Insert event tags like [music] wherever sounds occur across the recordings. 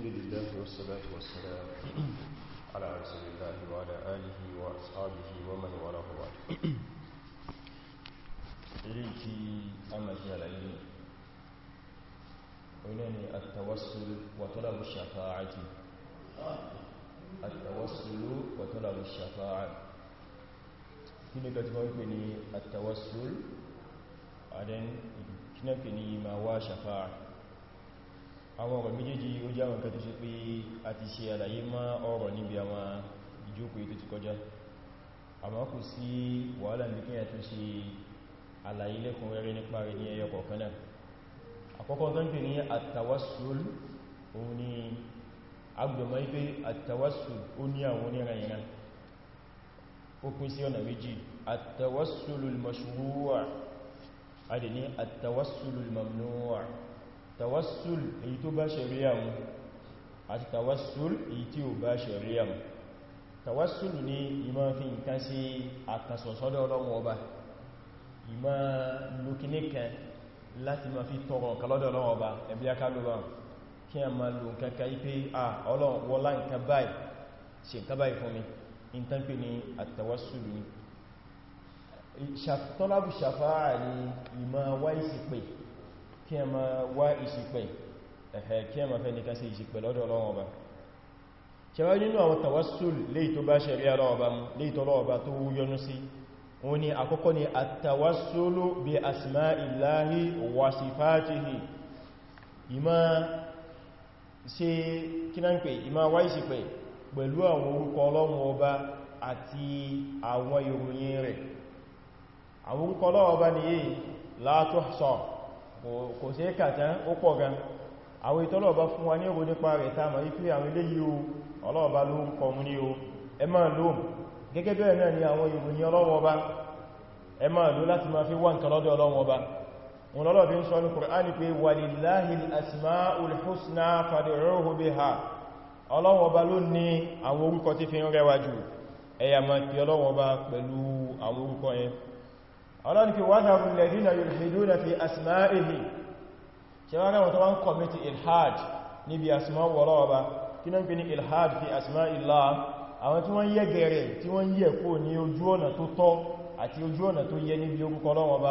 الحمد لله والصلاة والسلام على رسول الله وعلى آله وأصحابه ومن وراءه بعد إليكي أما جلالي إنني التوسل وطلب الشفاعة التوسل وطلب الشفاعة كنا كتبوني التوسل بعدين كنا كني ما وشفاعه àwọn ọ̀rọ̀ méjèèjì ó jẹ́ àwọn nǹkan tó ṣe pé a ti ṣe àlàyé má ọ̀rọ̀ níbi àwọn ìjókòó tó ti kọjá àmọ́ kò sí wàhálà ní kíyà tó ṣe àlàyé lẹ́kùnrẹ́rẹ́ nípa rẹ̀ ní ẹyọ kọ̀ọ̀kan náà tawassul èyí tó bá ṣẹ̀ríà mu àti tawassul èyí tí ò bá ṣẹ̀ríà mu tawassul ní ìmá fi nǹkan sí àkàsọ̀sọ́dọ̀ ọlọ́run ọba ìmá lókíníkan láti ma fi tọrọ nǹkan lọ́dọ̀ ọlọ́run ọba a ma lò nǹkan ká ipé à ọlọ́run wọlá nǹkan báyìí ṣe nǹkan báyìí fún ni tọ́lábù ṣàfáà ni ìmá wáìsì pé kí a ma wá ìṣìpẹ̀ ẹ̀hẹ̀ kí a ma fẹ́ nìkan sí ìṣìpẹ̀ lọ́dọ̀ Ọlọ́run Ọba ṣẹwàá nínú àwọn tawassul léè tó bá ṣẹ̀ríà Ọlọ́run Ọba mu léè tó Ọlọ́run Ọba tó yọ́nú sí wọn ni àkọ́kọ́ ni àtawassulu bí asma'illahi wa àti àwọn ìròyìn rẹ̀ àwọn orúkọ Ọlọ́run Ọba ni yìí la tuhsa kò sí ẹ̀kà tán ó pọ̀ gan àwọn ìtọ́lọ̀ọ̀bá fún wa ní ọgbọ̀n nípa rẹ̀ tàà máa ipé àwọn ilé yíò ọlọ́ọ̀bá ló ń kọ mú ní o ẹ máa lò gẹ́gẹ́ bẹ́ẹ̀ náà ni àwọn ìròyìn ọlọ́wọ́ba ẹ máa lò láti máa fi wá nǹkan lọ́dọ̀ ọlọ́wọ́ba na ọlọ́ni fi wádàrù lẹ́dínà yulhiduna fi asma'ihi ṣe wá náà wọ́n kọmiti ilhad níbi asma wọ́lọ́wọ́ba kí náà fi ní ilhad fi asma'illah àwọn tí wọ́n yẹ gẹ̀rẹ̀ tí wọ́n yẹ kó ní ojú ọ̀nà tó tọ́ àti ojú ọ̀nà tó yẹ níbi orúkọ ọlọ́wọ́ba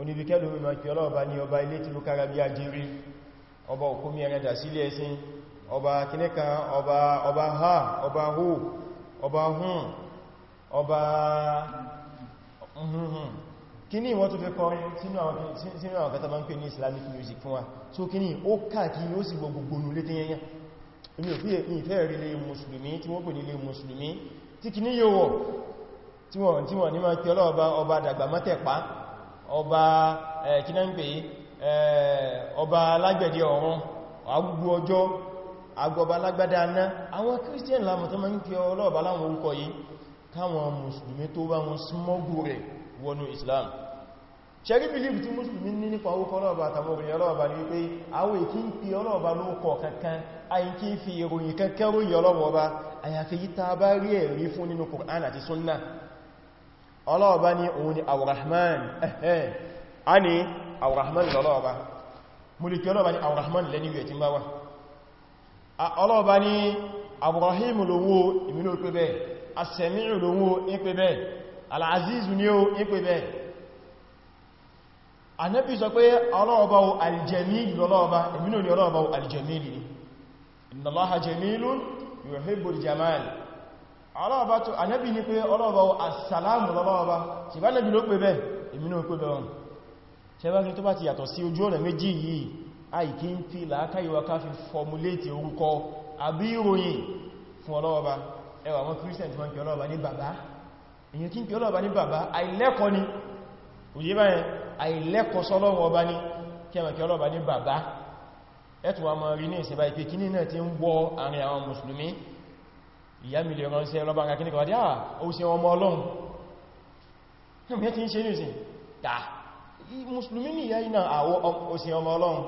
oníbikẹ́lù mímọ̀ kí ọlọ́ọ̀bá ní ọba ilé tí ló kára bí ajérí ọba òkúmi ẹ̀rẹ́dà sílẹ̀ ẹ̀sìn ọba kìnnìkan ọba ha ọba hù ọba hùn ọba hùn kíní wọ́n tó fẹ́ kọrin sínú àwọn kata bá ń pè ní islamic music fún wa so kíní ó káàkiri ó sì gbogbo nulé tí yẹnyẹn èmi ò fíyẹ̀ ní ìfẹ́ rí lé mùsùlùmí tí wọ́n pè ní lé mùsùlùmí tí kíní yóò wọ̀ tí wọ́n ní máa pẹ́ ọlọ́ọ̀bá ọba dàgbà mọ́tẹ̀pá ọba kíná ń pè ọba alágbẹ̀dẹ ọ̀run agbogbo ọjọ́ agbọba alágbádá aná àwọn christian lámọ̀ tó ma ń pè ọlọ́ọ̀bá láwọn orúkọ yìí káwọn mùsùlùmí tó bá wọn smọ́gbù rẹ̀ wọnú islam ṣẹ́rí believe tí mùsùlùmí ní nípa orúkọ ọlọ́ọ̀bá àtàmọ́rin ọlọ́ọ̀bá ní wípé àwọn èkí ń pè fi ìròyìn kankan ròyìn ọlọ́ọ̀bá àyàfi yíta bá rí ẹ̀rí fún nínú Kùránì àti Sunnah ọlọ́ọ̀bá ní òun ni àwòrahman ẹ̀ẹ́ a ní àwòrahman lọ́lọ́ọ̀bá múlìkì ọlọ́ọ̀bá ní àwòrahman lẹ́niwẹ̀ tí bá wá ọlọ́ọ̀bá ní àwòrahim lówó ìmìnà pé bẹ́ẹ̀ asẹ̀míù lówó ní pé bẹ́ẹ̀ alàzíz ní ó ní pé bẹ́ẹ̀ anẹ́bí sọ pé ọlọ́ọ̀bá aljamil lọ́lọ́ọ̀bá ìmìnà ni ọlọ́ọ̀bá aljamil ni inna yuhibbul jamal ọlọ́ọ̀bá tó ànábì ní pé ọlọ́ọ̀bá asàlámù lọ́lọ́ọ̀bá tí bá nẹ́bì ló pè bẹ́ èmi náà pè bẹ̀rún tẹ́bá ní tó bá ti yàtọ̀ sí ojú ọ̀nà méjì yìí àìkí ń fi làákàyíwá ká fi fọmúlétì orúkọ àbí ìròyìn fún ọlọ́ọ̀bá ẹwà wọn kírísẹ̀ tí wọ́n kí ọlọ́ọ̀bá ní bàbá èyàn kí ń kí ọlọ́ọ̀bá ni òye báyẹn àìlẹ́kọ́ sọ́lọ́wọ́ ọba ní kí ẹmà kí ọlọ́ọ̀bá ní bàbá ẹ̀tùwà mọ̀ rí ti ń wọ àárín àwọn ìyá mi lè ránṣẹ́ lọ́bá ara kíníkọ̀ wádí àà ah, ó ṣe ọmọ ọlọ́run ẹ̀mí ti ń ṣe nìsìn tà mùsùlùmí ní ìyá iná àwọ òṣè ọmọ ọlọ́run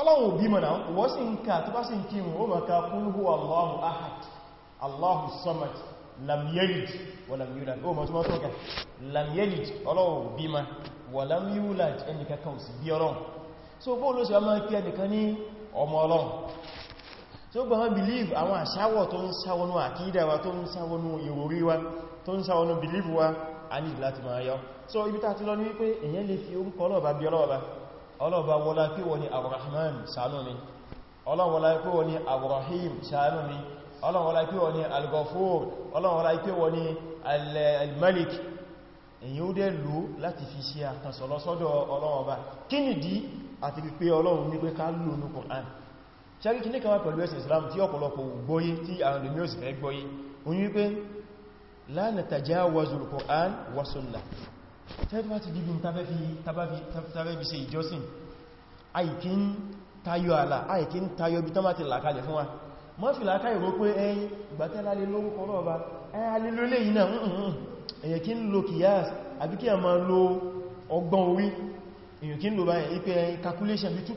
ọlọ́run òbí mọ̀nà wọ́n sì ń ká tó bá sì ń kírun ó mọ̀ká qul huwa Allahu ahad Allahu samad lam yalid wa lam yulad sí kí ọmọ ọlọ́run tí ó gbà wọ́n believe àwọn àṣáwọ̀ tó ń sáwọnú àkídà wa tó ń sáwọnú ìròrí wa tó ń sáwọnú believe wa a ní láti máa yọ so ibi tàti lọ ní wípé èyàn lè fi orúkọ ọlọ́ọ̀bá bí ọlọ́ọ̀bá ọlọ́ọ̀bá wọlá pé wọ́n ni Ar-Rahman ṣàánú mi ọlọ́ọ̀bá wọlá pé wọ́n ni Ar-Rahim ṣàánú mi ọlọ́ọ̀bá wọlá pé wọ́n ni Al-Ghafur ọlọ́ọ̀bá wọlá pé wọ́n ni Al-Malik èyàn ó dẹ̀ lò láti fi ṣe àkànsọ̀lọ́sọ́dọ̀ ọlọ́ọ̀bá kí nìdí àti pé ọlọ́run ní pé ká lò ní Qur'an ṣẹ́rí kí ní kan wá pẹ̀lú ẹ̀sìn Islam tí ọ̀pọ̀lọpọ̀ gbọ́yé tí àwọn olùmí òsì fẹ́ gbọ́yé oní wípé la natajawazu al-Qur'an wa sunnah tẹ́bí wá ti dìbí tàbí ṣe ìjọsìn àìkí ń tayọ àlà àìkí ń tayọ bí tọ́mà ti làkalẹ̀ fún wa mọ́ fi làkà ìró pé ẹyìn ìgbàtẹ́lá lè lórúkọ lọ́ọ̀bá ẹyàlè lólè yìí náà èyàn kí ń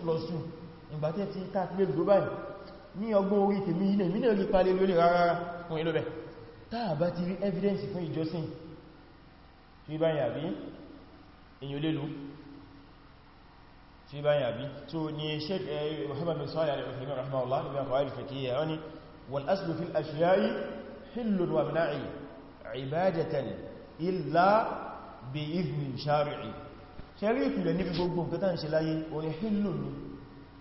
2 plus 2 ìgbàtẹ́ ti káàkiri dubai ní ọgbọ́n orí tèmi ilẹ̀ mí náà rí palẹ̀ lórí rárá fún ilóbẹ̀ táà bá ti rí evidence fún ìjọsìn tí bá yàbí èyàn lélu tí bá yàbí tó ní sheik mohamed bin sọ́yà rẹ̀ òfin rahimahullah ibi àkọwà ìfẹ̀kíyà wọ́n ni wal aslu fil ashiya'i hillun wa mna'i ibadatan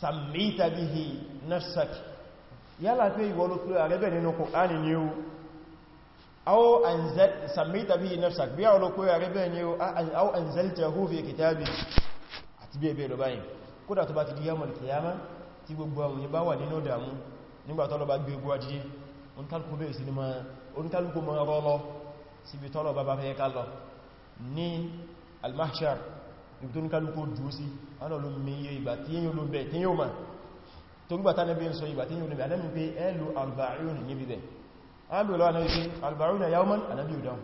sàmìta bí i nafsaki yálà pé ìwọ ló pé àrẹ́bẹ̀ nínú kùránì ni ó aw sàmìta bí i nafsaki bí àwọn olókó àrẹ́bẹ̀ ni ó aw anzalta hu fi kìtàbí àti bí ẹbẹ̀ lọ́báyìn kódà tó bá ti díyàmọ̀ kìyàmá tí gbogbo àwọn yìí bá wà nínú dàmú nígbà tọ́lọ bá gbé ogun ajíyé tó ní kálùkù dúó sí ọ̀nà ló mẹ́yẹ ìgbà tí yíò ló bẹ̀ tí yíò ma tó gbà tánàbí ń sọ ìgbà tí yíò ló bẹ̀ alẹ́mì pé ẹlò alba'un níbi bẹ̀ alẹ́bìlọ́ anábi pé alba'un yawman anábi òdán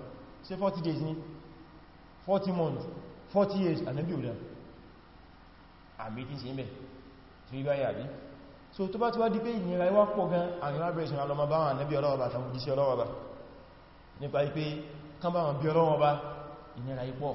sí 40 days ní 40 months 40 years anábi òdán àmì tí sí mẹ́ tí ó báyà bí so tó bá ti wá di pé ìnira ìwá pọ̀ gan àwọn abẹ́sìn alọ́mọ bá wọn anábi ọlọ́wọ́ bá tàbí sí ọlọ́wọ́ bá nípa ipé kán bá wọn bí ọlọ́wọ́ bá ìnira ipọ̀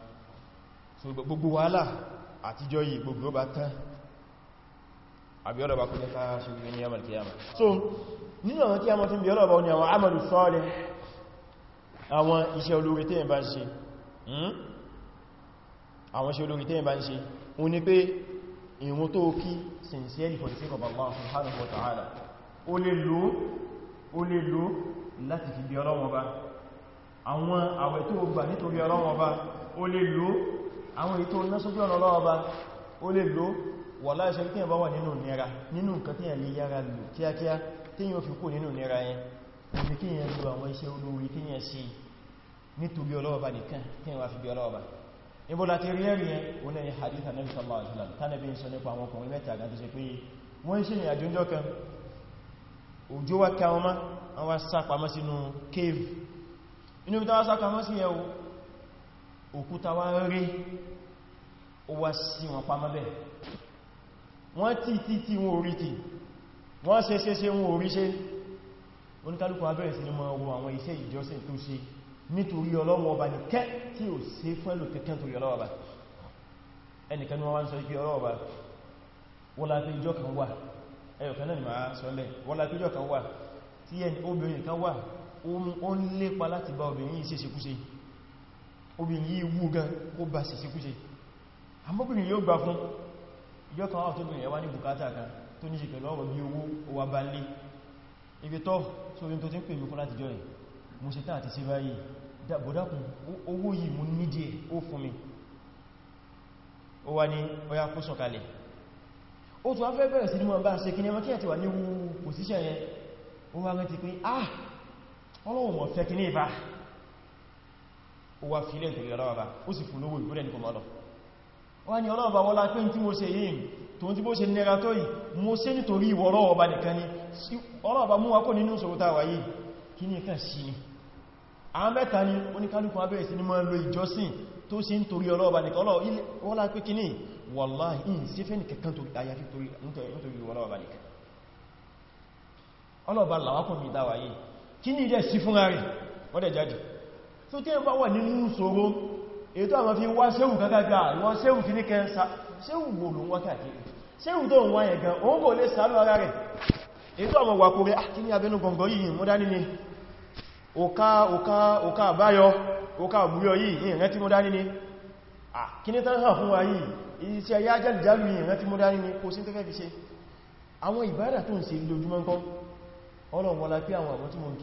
gbogbo wàhálà àtijọ́ yìí gbogbo bá tán àbí ọlọ́bà kó jẹ́ ká ṣe gbogbo ní yamal kiyama so nínú àwọn kiyama tí ń bí ọlọ́bà ní àwọn amalu sọ́ọ̀lẹ̀ àwọn iṣẹ́ olóore tẹ́yìn bá ń ṣe hmm? àwọn iṣẹ́ olóore tẹ́yìn bá ń ṣe o ní pé ìrun tó kí sincerely for the sake of Allah subhanahu wa ta'ala o lè lò o lè lò láti fi bí ọlọ́wọ́ bá àwọn àwẹ̀ tó gbà nítorí àwọn ètò lọ́sójú ọ̀nà ọlọ́ọba ó lè lò wà láìṣẹ́ tí ẹ̀bá wà nínú nira nínú nǹkan tí ẹ̀lẹ́ yára lò kíákíá tí yíò fi kó nínú nira yẹn ìfi kí yẹn lo àwọn iṣẹ́ olóorí kí yẹn sí nítorí ọlọ́ọba nìkan kí yẹn wá fi bí ọlọ́ọba ibo láti rí ẹ̀rí yẹn ó ní hadith anabi sallallahu alaihi wasallam tánàbí ń sọ nípa àwọn ọkùnrin mẹ́ta gan tó ṣe pé wọ́n ń ṣe ní àjò kan òjò wá ká wọn má wá sá sínú cave inú bí wá sá sí yẹn òkúta wá ń rí ó wá sí wọn pa mọ́bẹ̀ wọ́n tí tí tí wọ́n orí tí wọ́n ṣe se. ṣe wọ́n orí ṣe oníkálùkù abẹ́rẹ̀ sí ní mọ́ ọwọ́ àwọn iṣẹ́ ìjọsìn tó ṣe nítorí ọlọ́wọ́ ọba nìkẹ́ tí ò sí fẹ́lò kẹ́kẹ́ torí ọlọ́wọ́ ọba ẹnìkan ni wọ́n wá ń sọ ibi ọlọ́wọ́ ọba wọ́n láti ìjọ kan wà ẹyọ̀kan náà ni máa sọ lẹ̀ wọ́n tí ó ń lépa obìnrin yìí wú gan ó bá sì síkúṣe àmọ́bìnrin yóò gbà fún ìjọ kan wà tóbìnrin ẹwà ní bùkátà kan tó ní ṣe pẹ̀lú ọ̀rọ̀ bí owó owó bá lé ibi tọ́ sórí tó ti ń pè mí fún láti jọ ẹ̀ mo ṣe tán àti sí báyìí bọ̀dákùn owó yìí mo ní díẹ̀ ó fún mi ó wá ní ọya kó sọ̀kalẹ̀ ó tún afẹ́ bẹ̀rẹ̀ sí ní mọ́ bá ṣe kí ní ọmọ kí àti wà ní wú pòsíṣẹ̀ yẹn ó wá rántí pé ah ọlọ́wọ̀n mọ̀ fẹ́ kí ní ìbá ó wá fílẹ̀ ìtòrí ọlọ́ọ̀bá ó sì fún lówó ìgbódẹ̀ ní kò mọ́lọ̀ wá ní ọlọ́ọ̀bá wọ́n lá pé tí mo ṣe yìí tó ń tí bó ṣe nira tó yìí mo ṣe nítorí ìwọ ọlọ́ọ̀bá nìkan ni ọlọ́ọ̀bá mú wa kó nínú ìṣòro tá wà yìí kí ní kàn sí ni àwọn mẹ́ta ni oníkálùkù abẹ́rẹ̀ sí ni mọ́ lo ìjọsìn tó ṣe ń torí ọlọ́ọ̀bá nìkan wọ́n lá pé kí ní wàláhì ìyìn sí fẹ́ nìkan torí àyàfi nítorí ọlọ́ọ̀bá nìkan ọlọ́ọ̀bá làwákùn mi dáwà yìí kí ní ìdẹ̀ sí so tí ẹ̀bá wà nínú ṣòro ètò àwọn fi wá ṣéhù gágágá ìwọ́n ṣéhù kì ní kẹsà ṣéhù wò ló wọ́n káàkiri ṣéhù tó ń wá yẹ̀ gan òun kò lè sàánú ara rẹ̀ ètò àwọn wà kò rẹ̀ àkí ah, ní abẹ́nu gọ̀ngọ̀ yìí mọ́ dání ni òká òká òká àbáyọ òká àbúyọ yìí ìrìn tí mọ́ dání ni àkíní ah,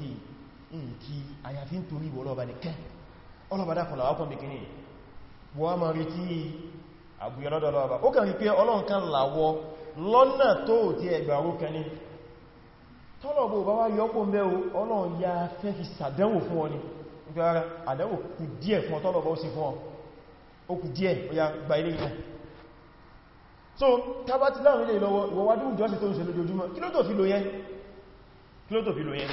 yìí ìkí àyàfí ń torí ìwọ̀ ọlọ́ọ̀bá nìkẹ́ ọlọ́ọ̀bá dákùnlá wákùn bí kìíní wọ́n ma rí tí àbúyẹ lọ́dọ̀ ọlọ́ọ̀bá ó kàn rí pé ọlọ́run kan làwọ lọ́nà tó ti ẹgbà orókan ní tọ́lọ̀bù bá wá yọ́pọ̀ mẹ́o ọlọ́run ya fẹ́ fi sàdánwò fún ọ ni nígbà ara àdánwò kù díẹ̀ fún ọtọ́lọ̀bọ̀ ó sì fún ọ ó kù díẹ̀ ó ya gba ilé ìlú so tábátí láwọn ilé ìlọ́wọ́ ìwọ̀wádùn ìjọ́sí tó ń ṣe lójoojúmọ́ kí ló tó fi lò yẹn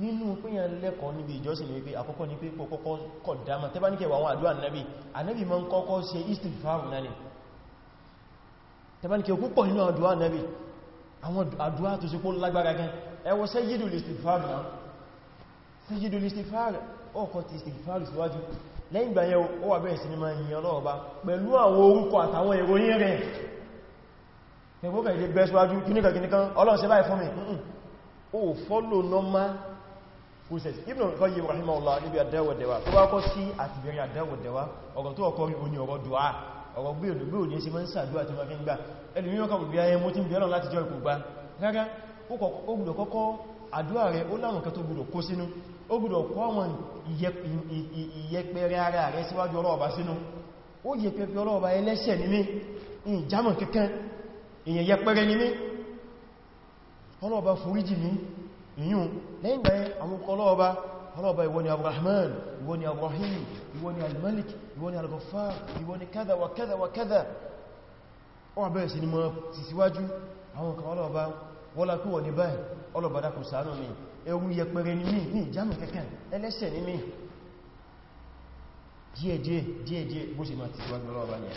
nínú pínyàn lẹ́kọ̀ọ́ níbi ìjọsìn wípé àkọ́kọ́ ní pé kọ́kọ́ kọ̀ dáma tẹ́bá ní kẹwàá àwọn àdúwà náàbí anábì ma ń kọ́kọ́ ṣe istighfaru náà ni tẹ́bá ní kẹwàá púpọ̀ nínú àdúwà náàbí àwọn àdúwà tó ṣe kó lágbára gan ẹ wo sayyidul istighfar náà sayyidul istighfar ọkọ̀ ti istighfar síwájú lẹ́yìn ìgbà yẹn ó wà bẹ́ẹ̀ sí ni máa ń yan lọ́ọ̀bá pẹ̀lú àwọn orúkọ àtàwọn ìròyìn rẹ̀ ẹgbọ́gbẹ̀ ilé bẹ́ síwájú kíníkà kíníkan ọlọ́run ṣe báyìí fún mi ó fọ́lò normal process Ibn al-Qayyim rahimahullah níbi n'ebe tó wá kọ́ sí àti bẹ̀rẹ̀ àdáwọ̀dẹ̀wà ọ̀rọ̀ tó ọkọ̀ rí oní ọ̀rọ̀ dùá ọ̀rọ̀ bí olùgbé òní sí mọ́sá àdúwà tó máa fi ń gbà ẹni ní ọkọ̀ bí ayẹ mú tí ń bẹ̀rẹ̀ láti jọ ìkùgbà rárá ó gbọ́dọ̀ kọ́kọ́ àdúwà rẹ̀ ó láwọn kan tó gbọ́dọ̀ ara ìyún lẹ́yìn gbẹ̀yìn àwọn kọlọ́ọba ọlọ́ọba ìwọ ni abrahman ìwọ ni abrahim ìwọ ni almalik ìwọ ni alghaffar ìwọ ni kádà wà kádà wà kádà wọ́n bẹ̀rẹ̀ sí ni mọ́ ti síwájú àwọn kan ọlọ́ọba wọ́lá kú wọ̀ ní báyìí ọlọ́ọba dákù ṣàánú mi ẹrú yẹpẹrẹ ni mí ní ìjámù kẹ́kẹ́ ẹlẹ́ṣẹ̀ ni mí díẹ̀díẹ̀ díẹ̀díẹ̀ bó ṣe máa ti síwájú ọlọ́ọba ni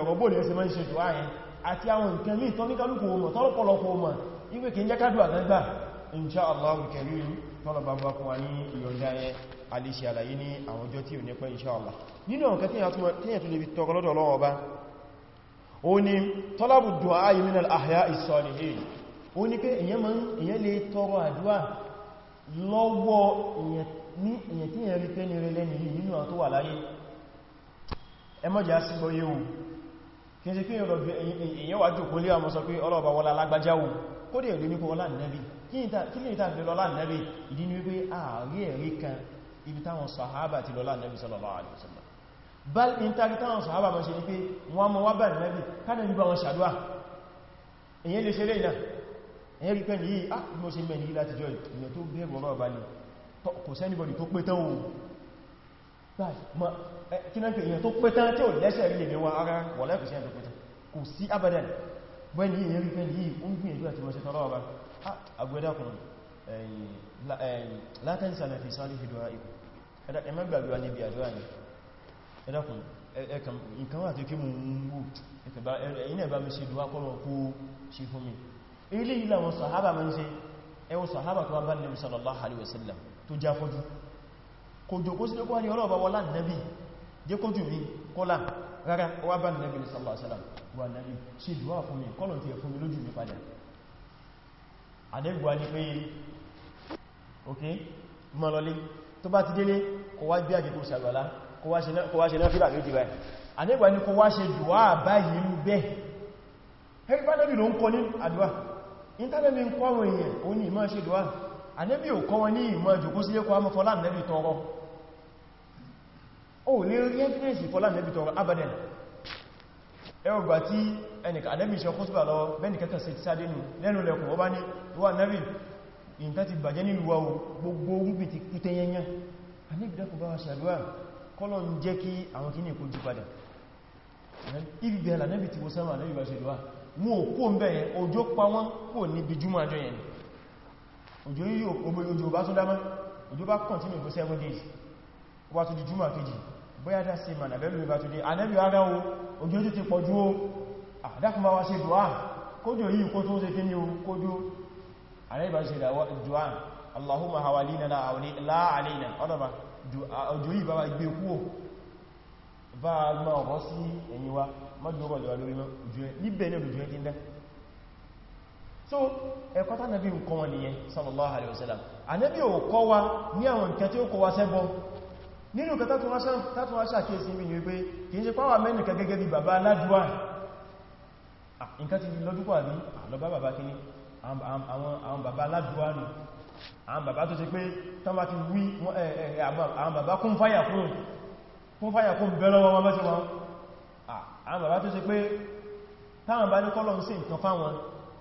bóyá àti àwọn nǹkan ní ìtọ́níkálùkù ọmọ tọ́lọ̀pọ̀lọpọ̀ ọmọ ìwé kí ń jẹ́ kádù àgbà insha Allah karim tọ́lọ̀bá bá fún wa ní ìyọ̀nda ẹ alìṣẹ́ àlàyé ní àwọn ọjọ́ tí ò ní pẹ́ insha Allah nínú àwọn kan tíyàn tó lè fi tọrọ lọ́dọ̀ Ọlọ́run Ọba ó ní talabu du'a min al-ahya'i s-salihin ó ní pé èyàn lè tọrọ àdúwà lọ́wọ́ èyàn tíyàn kí ṣe kíyàn lọ èyàn wájú kó lé àmọ́ sọ pé ọlọ́ọ̀bá wọlá lágbàjáwò kó dẹ̀ rí nípo ọlá nẹ́bí kí ní ìta lọ́lá nẹ́bí ìdí ni wípé ààrí ẹ̀rí kan ibi táwọn sàhábà ti lọ́lá nẹ́bí sallallahu alaihi wasallam bal in tàbí táwọn sàhábà mọ́ ṣe ní pé wọ́n mọ́ wá bá nẹ́bí kádà ní bá wọn ṣàdúà èyàn lè ṣe lè náà èyàn rí pẹ́ ní yìí ah mo ṣe mẹ́rin láti jọ ìyàn tó bẹ́ẹ̀ bọ́rọ̀ ọba ni kò sẹ́nibọ̀dì tó pé tán ohun Eh, kínáàkì èèyàn tó pẹ́tán tí ò lẹ́ṣẹ̀ rí lè wọ ara wà lẹ́kùsí ẹ̀ tó pẹ́tán kò sí abadan wọ́n ni èèyàn rí pẹ́ yìí ó ń gbìyànjú àti wọ́n ṣe tọ́rọ ọba agbẹ́dàkùn látẹ́nsà na fi sáré fi dọ́ra ikú ẹmẹ́gbàgbà níbi àdúrà ni ẹdàkùn nǹkan wà tó kí mú wù ẹ̀yìn ẹ̀bá mi ṣe dùwá kọ́nà kó ṣe fún mi ilé ìlànà sàhábà mọ́ ń ṣe ẹwọ sàhábà tó wá bá nẹ́bí sallallahu alaihi wasallam tó já fọ́jú kò jòkó sí lókọ́ ní ọlọ́ọ̀bá wọlá nẹ́bí jẹ́ kó jù mí kọ́lá rárá wà bá nẹ́bí ní sallallahu alaihi wasallam wà nẹ́bí ṣe dùwà fún mi kọ́lọ̀ tí ẹ fún mi lójú mi padà àdẹ́gbà ní pé ok mọ́lọlé tó bá ti délé kó wá gbé àjẹ́kó sàgbàlá kó wá ṣe náà fíbà méjì báyìí àdẹ́gbà ní kó wá ṣe dùwà báyìí ń bẹ́ ẹgbẹ́ nẹ́bí ló ń kọ ní àdúwà ìntánẹ́bí ń kọ́ àwọn èèyàn ó ní ìmọ̀ ṣe dùwà anẹ́bí ò kọ́ wọn ní ìmọ̀ ìjòkó sí ẹkọ́ àmọ́ fọ́lá nẹ́bí tọrọ o lè rí ẹ́fẹ́sì fọ́lá nẹ́bí tọrọ abadan ẹgbà tí ẹnìkà anẹ́bí ṣe kọ́sùbà lọ bẹ́nìkẹ́kà sí sáde nù lẹ́nu lẹ́kùn ọba ní wà nẹ́bí ìntá ti bàjẹ́ ní ìlú wáwó gbogbo rúbì ti kú tẹ́yẹnyẹ anẹ́bí dákùn bá wa ṣàdúrà kọ́lọ̀ ń jẹ́ kí àwọn kí ní òjò yíò ogbó ojú bá tún dámá òjò bá continue for seven days wá tó di júmà kejì bóyá dá sí ma nàbẹ́lú ìbá tó dé anẹ́bí ara o òjò tó ti pọ̀ jú o àdákùnmá wá ṣe dùá kójò yìí kó tó ń ṣe kí ní o kójò anẹ́bá ṣe dùá allahumma hawalina láàrínà ọlọ́ba òjò yìí bá wá gbé kú bá gbá ọ̀rọ̀ sí ẹ̀yìn wa mọ́jọ́ rọ̀ lọ́wọ́ lórí mọ́ òjò níbẹ̀ ní òjò ẹ̀ so ẹ̀kọ́ tánàbí ń kọ́ wọn nìyẹn sallallahu alaihi wasallam ànábì ò kọ́ wa ní àwọn nǹkan tí ó kọ́ wa sẹ́bọ nínú nǹkan tátún wáṣà kí èsì mìí wípé kìí ṣe pàwà mẹ́nìkà gẹ́gẹ́ bí bàbá aládùá nǹkan ti lọ́dúkọ́ àbí lọ́bá bàbá kí ní àwọn bàbá aládùá nù àwọn bàbá tó ṣe pé tán bá ti wí àwọn bàbá kún fáyà kún bẹ́rọ wọn ń ṣe nǹkan fáwọn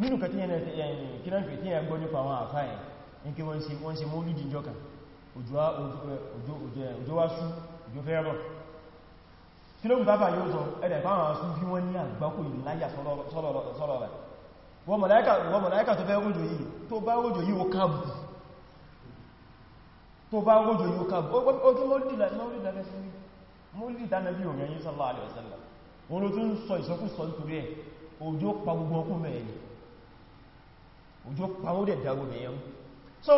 nínú kàtí yẹn kíránkì tí yẹn gbọ́ nípa àwọn àfáà ní kí wọ́n ṣe mọ́lú dìjọ́ka òjò wá sú òjò fẹ́ rọ̀ kí ló ń bábà yóò sọ ẹ̀rẹ̀ fáwọn asú bí wọ́n ní àgbákò ìláyà sọ́rọ̀ rẹ̀ wọ́n mọ̀láíkà tó fẹ́ rójò yìí tó bá rójò yìí ó káàbù tó bá rójò yìí ó káàbù ó kí mọ́lú ìdáfẹ́ sí mọ́lú ìdáfẹ́ bí òmìnirin sallallahu alaihi wasallam òun ló tún sọ ìsọkúsọ nítorí ẹ̀ òjò pa gbogbo ọkùn mẹ́rin òjò pàwọ́ dẹ̀ dáró nìyẹn so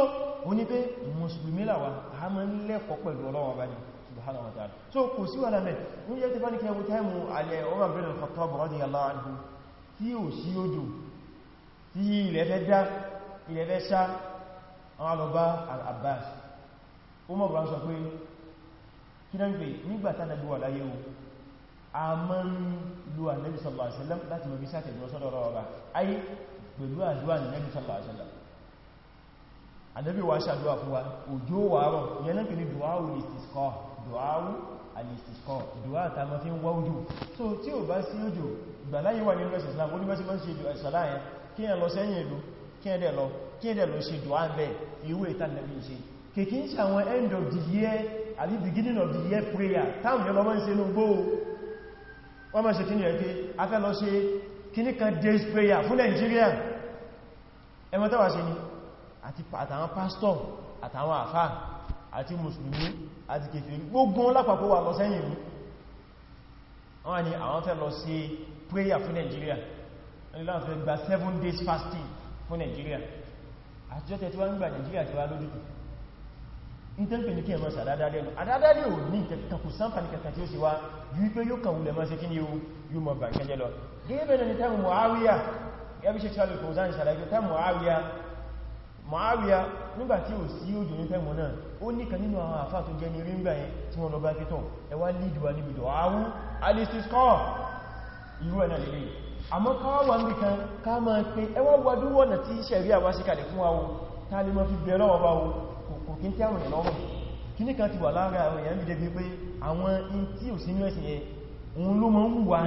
o ní pé mùsùlùmí làwà a máa ń lẹ́kọ̀ọ́ pẹ̀lú ọlọ́wọ́ bá ní subhanahu wa ta'ala so kò sí wà lábẹ̀ ní yẹ́ tí bá ní kí ẹwọ tẹ́mù alẹ́ Umar bin al-Khattab radiyallahu anhu tí ò sí òjò tí ilẹ̀ fẹ́ dá ilẹ̀ fẹ́ sá àwọn alọ́bá al-Abbas Umar bin sọ pé kí náà ń pè nígbàtá nàbí wà láyé o a ma ń lo annabi sallallahu alaihi wasallam láti mọ̀ bí sáà tẹ̀lú ọsọ́dọ̀ rọrọ̀ bá ayé pẹ̀lú àdúwà annabi sallallahu alaihi wasallam annabi wa ṣàdúwà fún wa òjò wà rọ̀ yẹnà pẹ̀lú duwawu alistisqa duwawu alistisqa duwa ta ma so tí ò bá sí òjò ìgbàláyé wà nínú ẹ̀sìn islam oníbẹ̀ sí mọ́ ṣe ju ẹ̀sàlá yẹn kí ẹ lọ sẹ́yìn ìlú kí ẹ dẹ̀ lọ kí ẹ end of the year àbí beginning of the year prayer táwọn yọ lọ mọ́ wọ́n mọ̀ sí kí ní ẹ̀ pé lọ ṣe kíní kan days prayer fún Nigeria ẹmọ tọ́wà ṣe ni àti àtàwọn pastor àtàwọn àfá àti mùsùlùmí àti kèfèrí gbogbo lápapọ̀ wà lọ sẹ́yìn mú wọ́n ni àwọn fẹ́ lọ ṣe prayer fún Nigeria wọ́n láwọn fẹ́ gba seven days fasting fún Nigeria àtijọ́ tẹ́ tí wọ́n ń gbà Nigeria ti wá lójútù ìtẹ́lẹ̀pẹ̀ ní kí ẹmọ́ sàdádádẹ́nu àdádádẹ́ ò ní kẹkàkù sánfàní kẹkà tí ó sì wá yìí pé yóò kàn wùlẹ̀ máa ṣe kí ni yóò mọ̀ bà kẹjẹ lọ gẹ́gẹ́ bẹ̀rẹ̀ ní tẹ́mù Muawiya ẹbí ṣe ṣàlẹ̀ fòzán ìṣàlẹ̀ tẹ́mù Muawiya Muawiya nígbà tí ò sí òjò ní tẹ́mù náà ó ní kan nínú àwọn àfá tó jẹ́ ní rí ńgbà yẹn tí wọ́n lọ bá kí tán ẹwà lídùwà níbi dọ̀ áwú alistiskọ́ irú ẹ̀nà lè àmọ́ káwà ń bì kan ká máa pé ẹwà wàdúwọ̀nà tí ìṣẹ̀rí àwásíkàlẹ̀ fún wa ta lè mọ́ fi bẹ̀rẹ̀ ọba wo in tí àwọn èèyàn lọ́rùn kí ní kan ti wà lára àwọn èèyàn bí débi pé àwọn in tí ò sí inú ẹ̀sìn yẹn òun ló mọ́ ń wùwá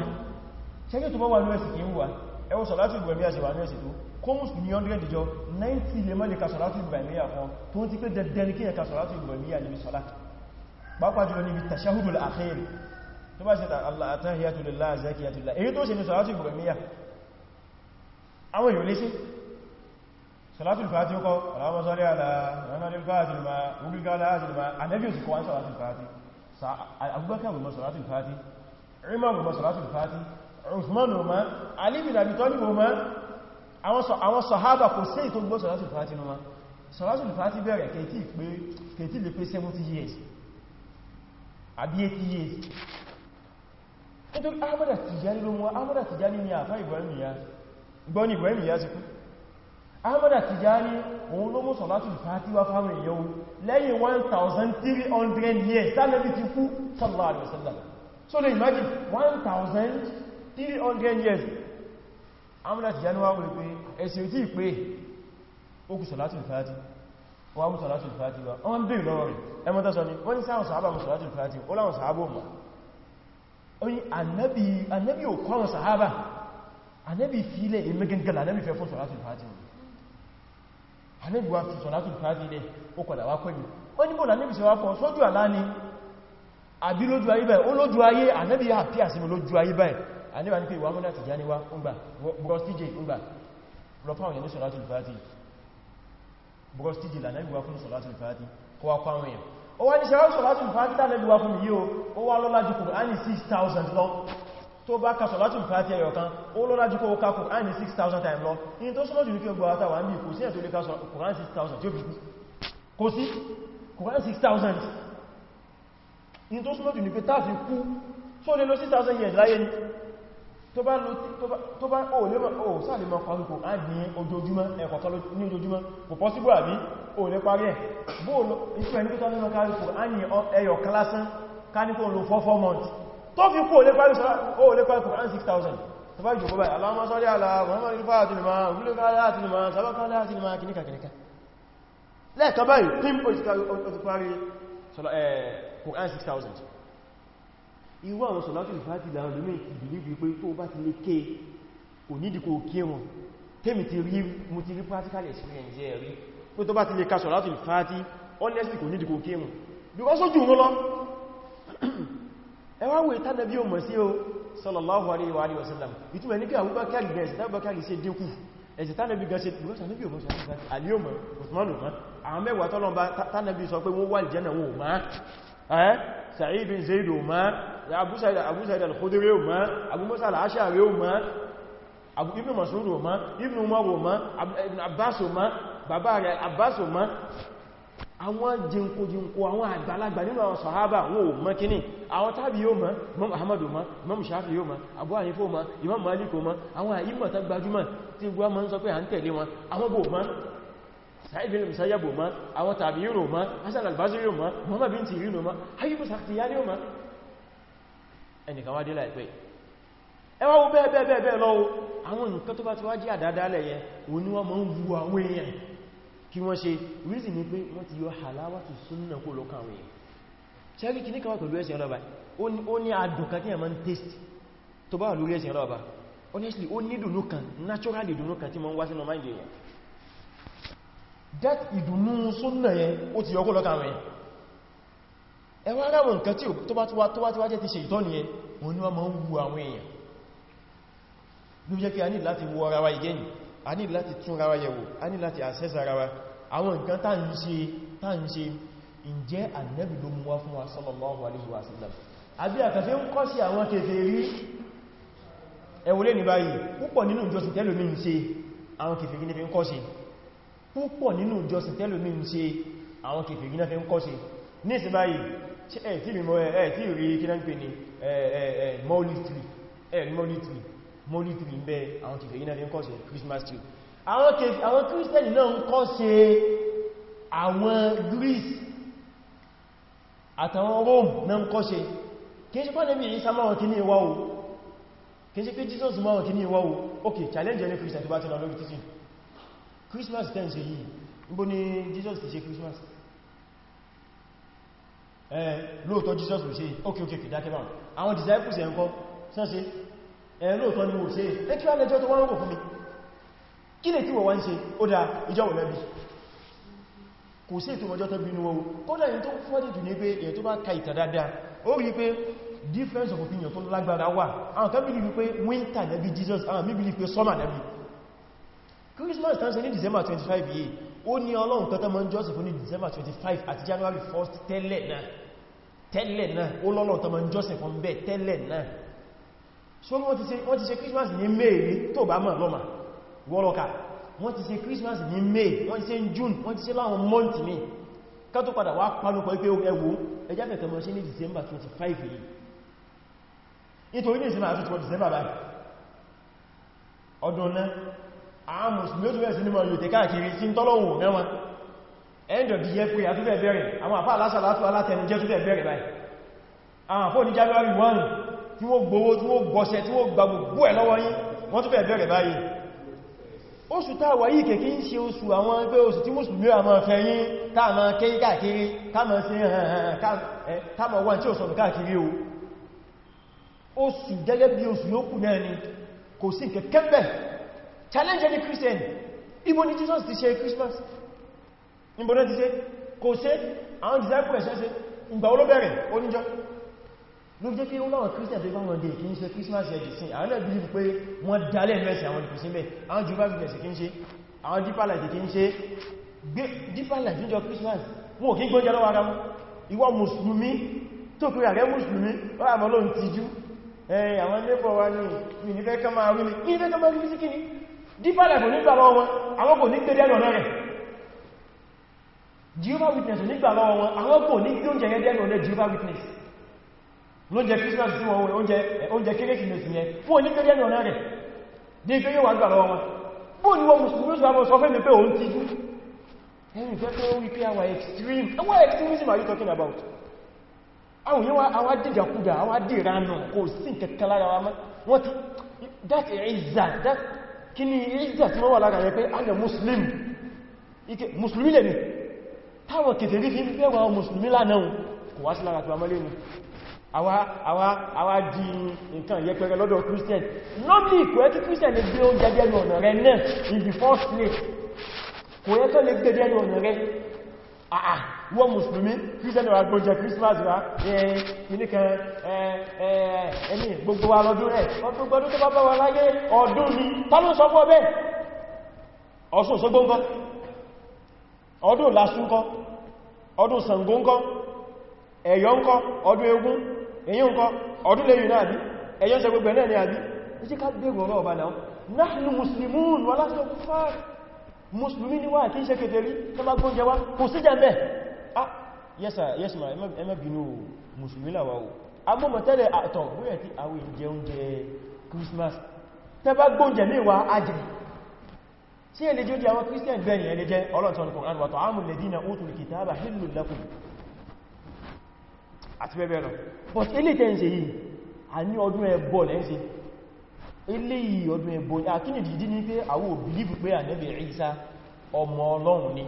ṣẹ́gbẹ́ tó bá wà lóẹ̀sìn kí ń wà ẹwọ sọ̀látù ìgbẹ̀mí àṣẹwà ní ẹ̀sìn tó kó mùsùlùmí 100 ìjọ 90 lè mọ́ lè ka sọ̀látù ìgbẹ̀mí àfọn tó ń ti pé dẹ̀dẹ̀ni kí ẹ̀ka sọ̀látù ìgbẹ̀mí àníbi sọ́lá pàápàá jùlọ níbi tashahudul Allah atahiyatulillah zakiyatullah èyí tó ṣe ní sọ̀látù ìgbẹ̀mí salatul fati ko alama sali ala ranaril fati ma ubil gala hajji ma annabi su kowani salatul fati abubakar ma salatul fati imam ma salatul fati usman ma ali bin abi talib ma àwọn sahaba kò sí tó gbọ́ salatul fati ma salatul fati bẹ̀rẹ̀ kẹtí lè pé 70 years àbí 80 years nítorí ahmadu tijani ló mọ́ ahmadu tijani ni àfá ìgbọ́n ìyá ti kú Ahmada Tijani òun ló mú sọ̀látù fàtíwá fáwọn èèyàn lẹ́yìn 1,300 years tánàbí ti kú sallallahu alaihi wasallam so lè imagine 1,300 years Ahmada Tijani wá wọ́n pé ẹ̀sìn tí ìpé ó kù sọ̀látù fàtí wọ́n mú sọ̀látù fàtí wá wọ́n bèèrè lọ́wọ́ rẹ̀ ẹmọ́ta sọ ni wọ́n ní sáwọn sàábà mú sọ̀látù fàtí ó láwọn sàábà mọ̀ ó ní ànábì ò kọ́ àwọn sàábà ànábì fílẹ̀ ìmẹ́gẹ́gẹ́lá ànábì fẹ́ fún sọ̀látù fàtí wọn àníbì wá fi sọ̀látù fàájì lẹ̀ ó kọ̀dà wá pẹ̀lú wọ́n níbò làníbì ṣe wá kọ́ sójú àlá ni àbí lójú ayé báyìí ó lójú ayé àníbì yà pí àsìmò lójú ayé báyìí àníbà ní pé ìwà mọ́nà tìjá níwá ńgbà brọ́stíjì ńgbà lọ́pàá òyìn ní sọ̀látù fàájì brọ́stíjì làníbì wá fún sọ̀látù fàájì kó wá pàwọn èèyàn ó wá ní ṣe wá sọ̀látù fàájì tàbí wá fún yíò ó wá lọ́lá ju Kùránì 6000 lọ tó bá ka sọ̀látùl fàtíhà ẹyọkan ó lọ́lá jù kó ó ka Kùránì 6,000 times lọ in tó súnmọ́ jù ní kí ọgbọ̀ àtà wà ń bí kò sí ẹ̀ tó lè ka Kùránì 6,000 tí ó fi kú kò sí Kùránì 6,000 in tó súnmọ́ jù ní pé tàfi kú tó lè lọ 6,000 years láyé ni tó bá ó lè ó sáàlè mọ́ parí Kùránì ní ojoojúmọ́ ẹ̀kọ̀kan ní ojoojúmọ́ kò possible àbí ó lè lásán ká ní 4 months tó fi kú olè parí Kùránì 6,000 tó bá ìjòkó báyìí Allahumma salli ala Muhammadin fàátìlì máa wúlé káàlá àtìlì máa sábákálá àtìlì máa kìníkà kìníkà lẹ́ẹ̀kan báyìí pín òtìparí Kùránì 6,000 irú àwọn sọ̀látìlì fàátìlì àwọn olùmí ìbìlìbì pé tó bá ti lè ké kò nídìkò kí wọn tèmi ti rí mo ti rí practical experience ẹ̀ rí pé tó bá ti lè ka sọ̀látìlì fàátì honestly kò nídìkò kí wọn bí wọ́n sójú wọn lọ ẹwà wòye tánà bí o mọ̀ sí o sallallahu alaihi wasallam ìtumẹ̀ ní kí Abubakar gẹ̀ẹ́ sí tábàkà lè ṣe dínkù ẹ̀sẹ̀ tánà bí gẹ̀ẹ́sẹ̀ ìgbọ́sà níbi òmọ́ sí àlíọ̀mọ̀ Usmanu ma àwọn mẹ́wàá tọ́lọ́mbà tánà bí sọ pé wọ́n wà ìjẹ́nà wọn ma ẹ́ Sa'id bin Zaid o ma Abu Sa'id al-Khudri o Abu Musa al-Ash'ari o ma Ibn Mas'ud o ma Ibn Umar àwọn jínkójínkó àwọn àgbàlagbà nínú àwọn sàhábà wọn ò mọ̀ kíní àwọn tàbí yóò mọ̀ mọ́m Ahmadu mọ̀ mọ́m Shafi yóò mọ̀ Abu Hanifa mọ̀ Imam Malik mọ̀ àwọn àyímọ̀ tó gbajúmọ̀ tí gbọ́ mọ́ ń sọ pé à ń tẹ̀lé wọn àwọn bò mọ̀ Sa'id bin Musayyab mọ̀ àwọn tàbí yóò mọ̀ Hasan al-Basri mọ̀ Muhammad bin Sirin mọ̀ Ayyub Sakhtiyani mọ̀ ẹnìkan wá dé láìpẹ́ ẹ wá wo bẹ́ẹ̀ bẹ́ẹ̀ bẹ́ẹ̀ lọ àwọn nǹkan tó bá ti wá jẹ́ àdádálẹ̀ yẹn òní wọ́n mọ́ ń wu àwọn èèyàn kí wọ́n ṣe reason ni pé wọ́n ti yọ halawatu sunna kó lọ́kàn àwọn ṣẹ́rí kì ní kan pẹ̀lú ẹ̀sìn ọlọ́ba ó ní adùn kan tí a ń taste tó bá wà lórí ẹ̀sìn ọlọ́ba honestly ó ní dùnú kan natural ìdùnú kan tí ma ń wá sínú mind èèyàn that ìdùnú sunna yẹn ó ti yọ kó lọ́kàn àwọn èèyàn ẹwà ara wọn nǹkan tí tó bá ti wá tó bá ti wá ni wọ́n máa ń a ní láti tún rawa yẹ̀wò a ní láti assess ara wa àwọn nǹkan tá ń ṣe tá ń ṣe ǹjẹ́ annabi ló mú wá fún wa sallallahu alaihi wa sallam àbí àkàfẹ́ ń kọ́ sí àwọn kèfèrí ẹwọlé ní báyìí púpọ̀ nínú ìjọsìn tẹ́lómi ń ṣe àwọn kèfèrí ní fi ń kọ́ sí púpọ̀ nínú ìjọsìn tẹ́lómi ń ṣe àwọn kèfèrí ní fi ń kọ́ sí mọ́lítì ní bẹ́ àwọn kìfẹ̀ yínà ní ń kọ́sẹ̀ christmas tree àwọn kírísítẹ̀nì náà ń kọ́sẹ̀ àwọn greece àtàwọn rome náà ń kọ́sẹ̀ kìí ṣe pọ́ níbi ìsá máwọn kì ní ìwá o kìí ṣe pé jesus máwọn kì ní ìwá ok challenge ẹni christian tó bá tẹ́lá lórí títí christmas tẹ́ ń ṣe yìí níbo ni jesus christmas eh lóòtọ́ jesus ló ṣe ok ok dákẹ́bà àwọn disciples ẹ̀ ń kọ́ sánṣe ẹ̀lóòtọ́ ni mo ṣe é kí wọ́n lẹ́jọ́ tó wọ́n ń rò fún mi kí lè tí wọ́n wọ́n ṣe ó dá ìjọ́ wọ̀n lẹ́bí kò sí ètò ọjọ́ tó bínú ọwọ́ kódà yìí tó fọ́dí jù ní pé èyẹ tó bá ka ìtà dáadáa ó rí pé difference of opinion tó lágbára wà àwọn kan believe pé winter lẹ́bí Jesus àwọn mi believe pé summer lẹ́bí Christmas tán ṣe ní December 25 yìí ó ní Ọlọ́run kan tó mọ́ jọ́sìn fún ní December 25 àti January 1st tẹ́lẹ̀ náà tẹ́lẹ̀ náà ó lọ́lọ́ tó mọ́ jọ́sìn fún bẹ́ẹ̀ tẹ́lẹ̀ náà so wọ́n ti ṣe Christmas ní May tó bá mọ̀ lọ́mà wọ́lọ́ka wọ́n ti ṣe Christmas ní May wọ́n ti ṣe June wọ́n ti ṣe láwọn month mi ká tó padà wá pálùpọ̀ pé ẹwò ẹjá kẹta mọ́ ní December 25 yìí nítorí ní ìsinmi December báyìí ọdún náà àwọn mùsùlùmí ó tún bẹ̀rẹ̀ sí ní mọ̀ lòtẹ̀ káàkiri sí tọ́lọ́wò náà end of the year pé àtúfẹ́ bẹ̀rẹ̀ àwọn àfáà lásàlátù alátẹnujẹ́ tún bẹ̀rẹ̀ báyìí January 1 tí wọ́n gbowó tí wọ́n gbọ́sẹ̀ tí wọ́n gba gbogbo ẹ̀ lọ́wọ́ yín wọ́n tún fẹ́ bẹ̀rẹ̀ báyìí oṣù táwà yìí kèkí ń ṣe oṣù àwọn ẹgbẹ́ oṣù tí mùsùlùmí àmọ́ fẹ́ yín táàmà kéyí káàkiri táàmà sí táàmà wà tí ó sọ̀rọ̀ káàkiri challenge any Christian ibo ni Jesus ti ṣe Christmas ibo náà ti ṣe kò ṣe àwọn disciples ṣe ṣe ìgbà olóbẹ̀rẹ̀ oníjọ́ ló jẹ́ pé ó láwọn christian tó ìbáwọn dé kí ń ṣe christmas yẹ jìsìn àwọn náà bílíf pé wọ́n dálẹ̀ mẹ́sì àwọn ìpìsí mẹ́ àwọn jùbá bí kẹsì kí ń ṣe àwọn dípàlàjì kí ń ṣe dípàlàjì ń jọ christmas wọn ò kí ń gbọ́njẹ́ lọ́wọ́ ara wọn ìwọ mùsùlùmí tó pé ààrẹ mùsùlùmí wọ́n àmọ́ ló ń tijú àwọn lébọ̀ wa ní ìnífẹ́ kan máa wí ní ìnífẹ́ kan máa wí sí kíní dípàlà kò nígbà lọ́wọ́ wọn àwọn kò ní gbé dẹ́nà náà rẹ̀ jehovah witness ò nígbà lọ́wọ́ wọn àwọn kò ní gbé oúnjẹ yẹn dẹ́nà náà jehovah witness lóúnjẹ Christmas tí wọ́n oúnjẹ eh, kérésìmesì yẹn fún oníkéré ẹ̀nà ọ̀nà rẹ̀ ní pé yóò wà gbà lọ́wọ́ wọn bó ní wọ́n mùsùlùmí sọ́bọ̀ sọ fẹ́ mi pé òun ti jú ẹni fẹ́ pé ó rí pé àwà extreme eh, what you talking about àwọn yíwa àwà dìjàkúdà àwà dìranù kò sí kẹta lára wa mọ́ that tí wọ́n wà lára rẹ̀ muslim ike àwa àwa àwa di nǹkan yẹpẹrẹ lọ́dọ̀ christian normally kò yẹ kí christian lè gbé oúnjẹ dẹnu ọ̀nà rẹ náà in the first place kò yẹ kọ́ lè gbé dẹnu ọ̀nà rẹ àà wọ́n christian wà gbọ́njẹ christmas gbogbo wa lọ́dún ẹ̀ ọdún tó bá bá láyé ọdún ọdún èyí nǹkan ọdún lẹ́yìn náà bí ẹ̀yọ́ ṣe gbogbo náà ní àbí ìjẹ́ ká bèèrè ọ̀rọ̀ ọba náà náà muslimun wà látọ̀ fàá musulmi ni wá kí ṣe kèfèrí tó bá gbóúnjẹ wá kò sí jẹ́mẹ́ ah yes sir yes ma ẹmẹ́ bínú musulmi làwà o agbọ́mọ̀ tẹ́lẹ̀ àtọ̀ bóyẹ̀ tí àwọn ìjẹ oúnjẹ Christmas tẹ́ bá gbóúnjẹ àti bẹ́ẹ̀ lọ but ilé tẹ́ǹsẹ̀ yìí a ní ọdún ẹbọ lẹ́ǹsẹ̀ ilé yìí ọdún ẹbọ ní àkíní dìdí ní pé àwọ òbìlìbù pé ànẹ́bẹ̀ Ìsá ọmọ Ọlọ́run ni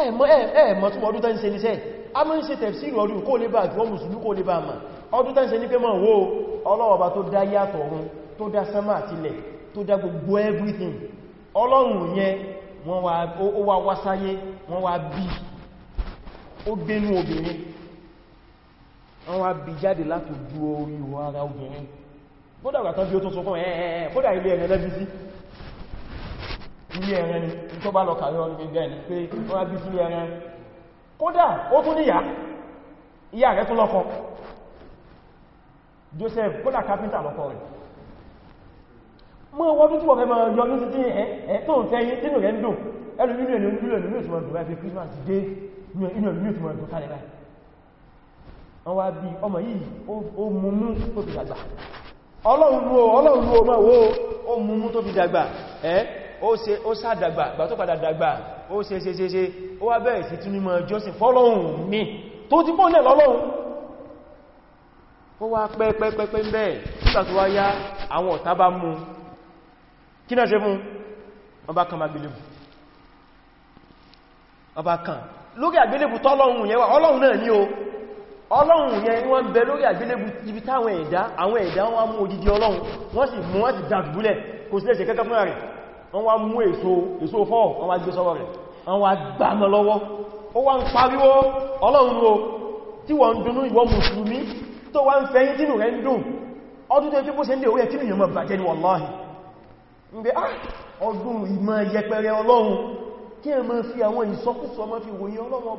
ẹ̀ẹ̀mọ́ tí ọdún tẹ́ǹsẹ̀ ní sẹ́ a mọ́ ń ṣe tẹ̀fsírì ọdún kó lè bá àjọ mùsùlùmí kó lè bá mà ọdún tẹ́ǹsẹ̀ ní pé mọ́ wo ọlọ́ọ̀bá tó dá yàtọ̀ ọ̀run tó dá sánmà àtilẹ̀ tó dá gbogbo everything Ọlọ́run yẹn wọ́n wá wá sáyé wọ́n wá bí ó gbénú obìnrin wọ́n wá bí jáde láti ju orí ìwọ̀ ara obìnrin kódà ìgbà tán bí ó tún sọ fún ẹ̀ẹ́ kódà ilé ẹ̀rẹ́ lẹ́bí sí ilé ẹ̀rẹ́ ni tó bá lọ kàrí ọdún gbígbẹ́ ẹni pé wọ́n wá bí sí ilé ẹ̀rẹ́ kódà ó tún níyà ìyá rẹ̀ tún lọ́kọ Joseph kódà kápítà lọ́kọ rẹ̀ mọ́ wọ́n tún túbọ̀ fẹ́ máa yọ ní títí ẹ̀ tó ń tẹ́yìn tínú rẹ̀ ń dùn ẹlùmínú ẹ̀lùmínú ẹ̀lùmínú ìtùmọ̀ ìdùn báyìí fi Christmas dé inú ẹ̀lùmínú ìtùmọ̀ ìdùn kalẹ̀ báyìí wọ́n wá bí ọmọ yìí ó múmú tó fi dàgbà ọlọ́run ló máa wó ó múmú tó fi dàgbà ẹ́ ó sádàgbà gbà tó padà dàgbà ó ṣe ṣe ṣe ṣe ó wá bẹ̀rẹ̀ sí tún nímọ̀ jọ́sìn fọ́lọ́run mi tó ti bóòlẹ̀ lọ́lọ́run ó wá pẹ́pẹ́pẹ́pẹ́ bẹ́ẹ̀ nígbà tó wá yá àwọn ọ̀tá bá mú kí náà ṣe fún ọba kan agbélébù ọba kan lórí agbélébù tọ́lọ́run yẹn wà ọlọ́run náà ní o ọlọ́run yẹn wọ́n bẹ lórí àgbélébù ibi táwọn ẹ̀dá àwọn ẹ̀dá wọ́n mú òjìjì ọlọ́run wọ́n sì mú wọ́n sì dàgbúlẹ̀ kò sí ẹ̀ṣẹ̀ kẹ́kẹ́ fúnra rẹ̀ wọ́n wá mú èso èso fọ́ wọ́n wá gbé sọ́wọ́ rẹ̀ wọ́n wá gbàmà lọ́wọ́ ó wá ń pariwo ọlọ́run o tí wọ́n ń dunú ìwọ mùsùlùmí tó wá ń fẹ́yìn tínú rẹ̀ ń dùn ọdún tó ah, kíkó fi àwọn ìsọkúsọ mọ́ fi wòye ọlọ́run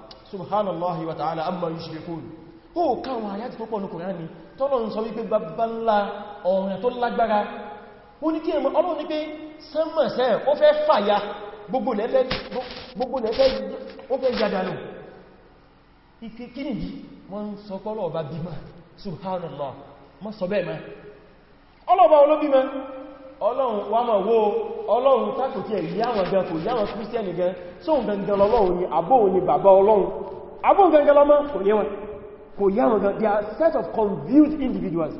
subhanallahi wa ta'ala amma yushrikun ó káwọn àyájì tó pọ̀lú kòránì tọ́lọ̀ ń sọ wípé gbogbo ńlá ọ̀rìn tó lágbára ó ní kí ẹmọ ọlọ́run ní pé sánmọ̀sẹ́ ó fẹ́ fàyà gbogbo lẹ́fẹ́ ó fẹ́ yàdàlù ike kí nìdí wọ́n ń sọ pọ́lọ̀ ọba bímọ subhanallah mọ́ sọ bẹ́ẹ̀ mọ́ ọlọ́ba olóbímọ ọlọ́run wà mọ̀ wó ọlọ́run tákò tí ẹ̀ yáwọn gan kò yáwọn kírísítíẹ̀nì gan sóhun gangan lọ́lọ́run ni baba ni bàbá ọlọ́run àbó gangan lọ́mọ́ kò yẹwọn kò yáwọn gan they are set of confused individuals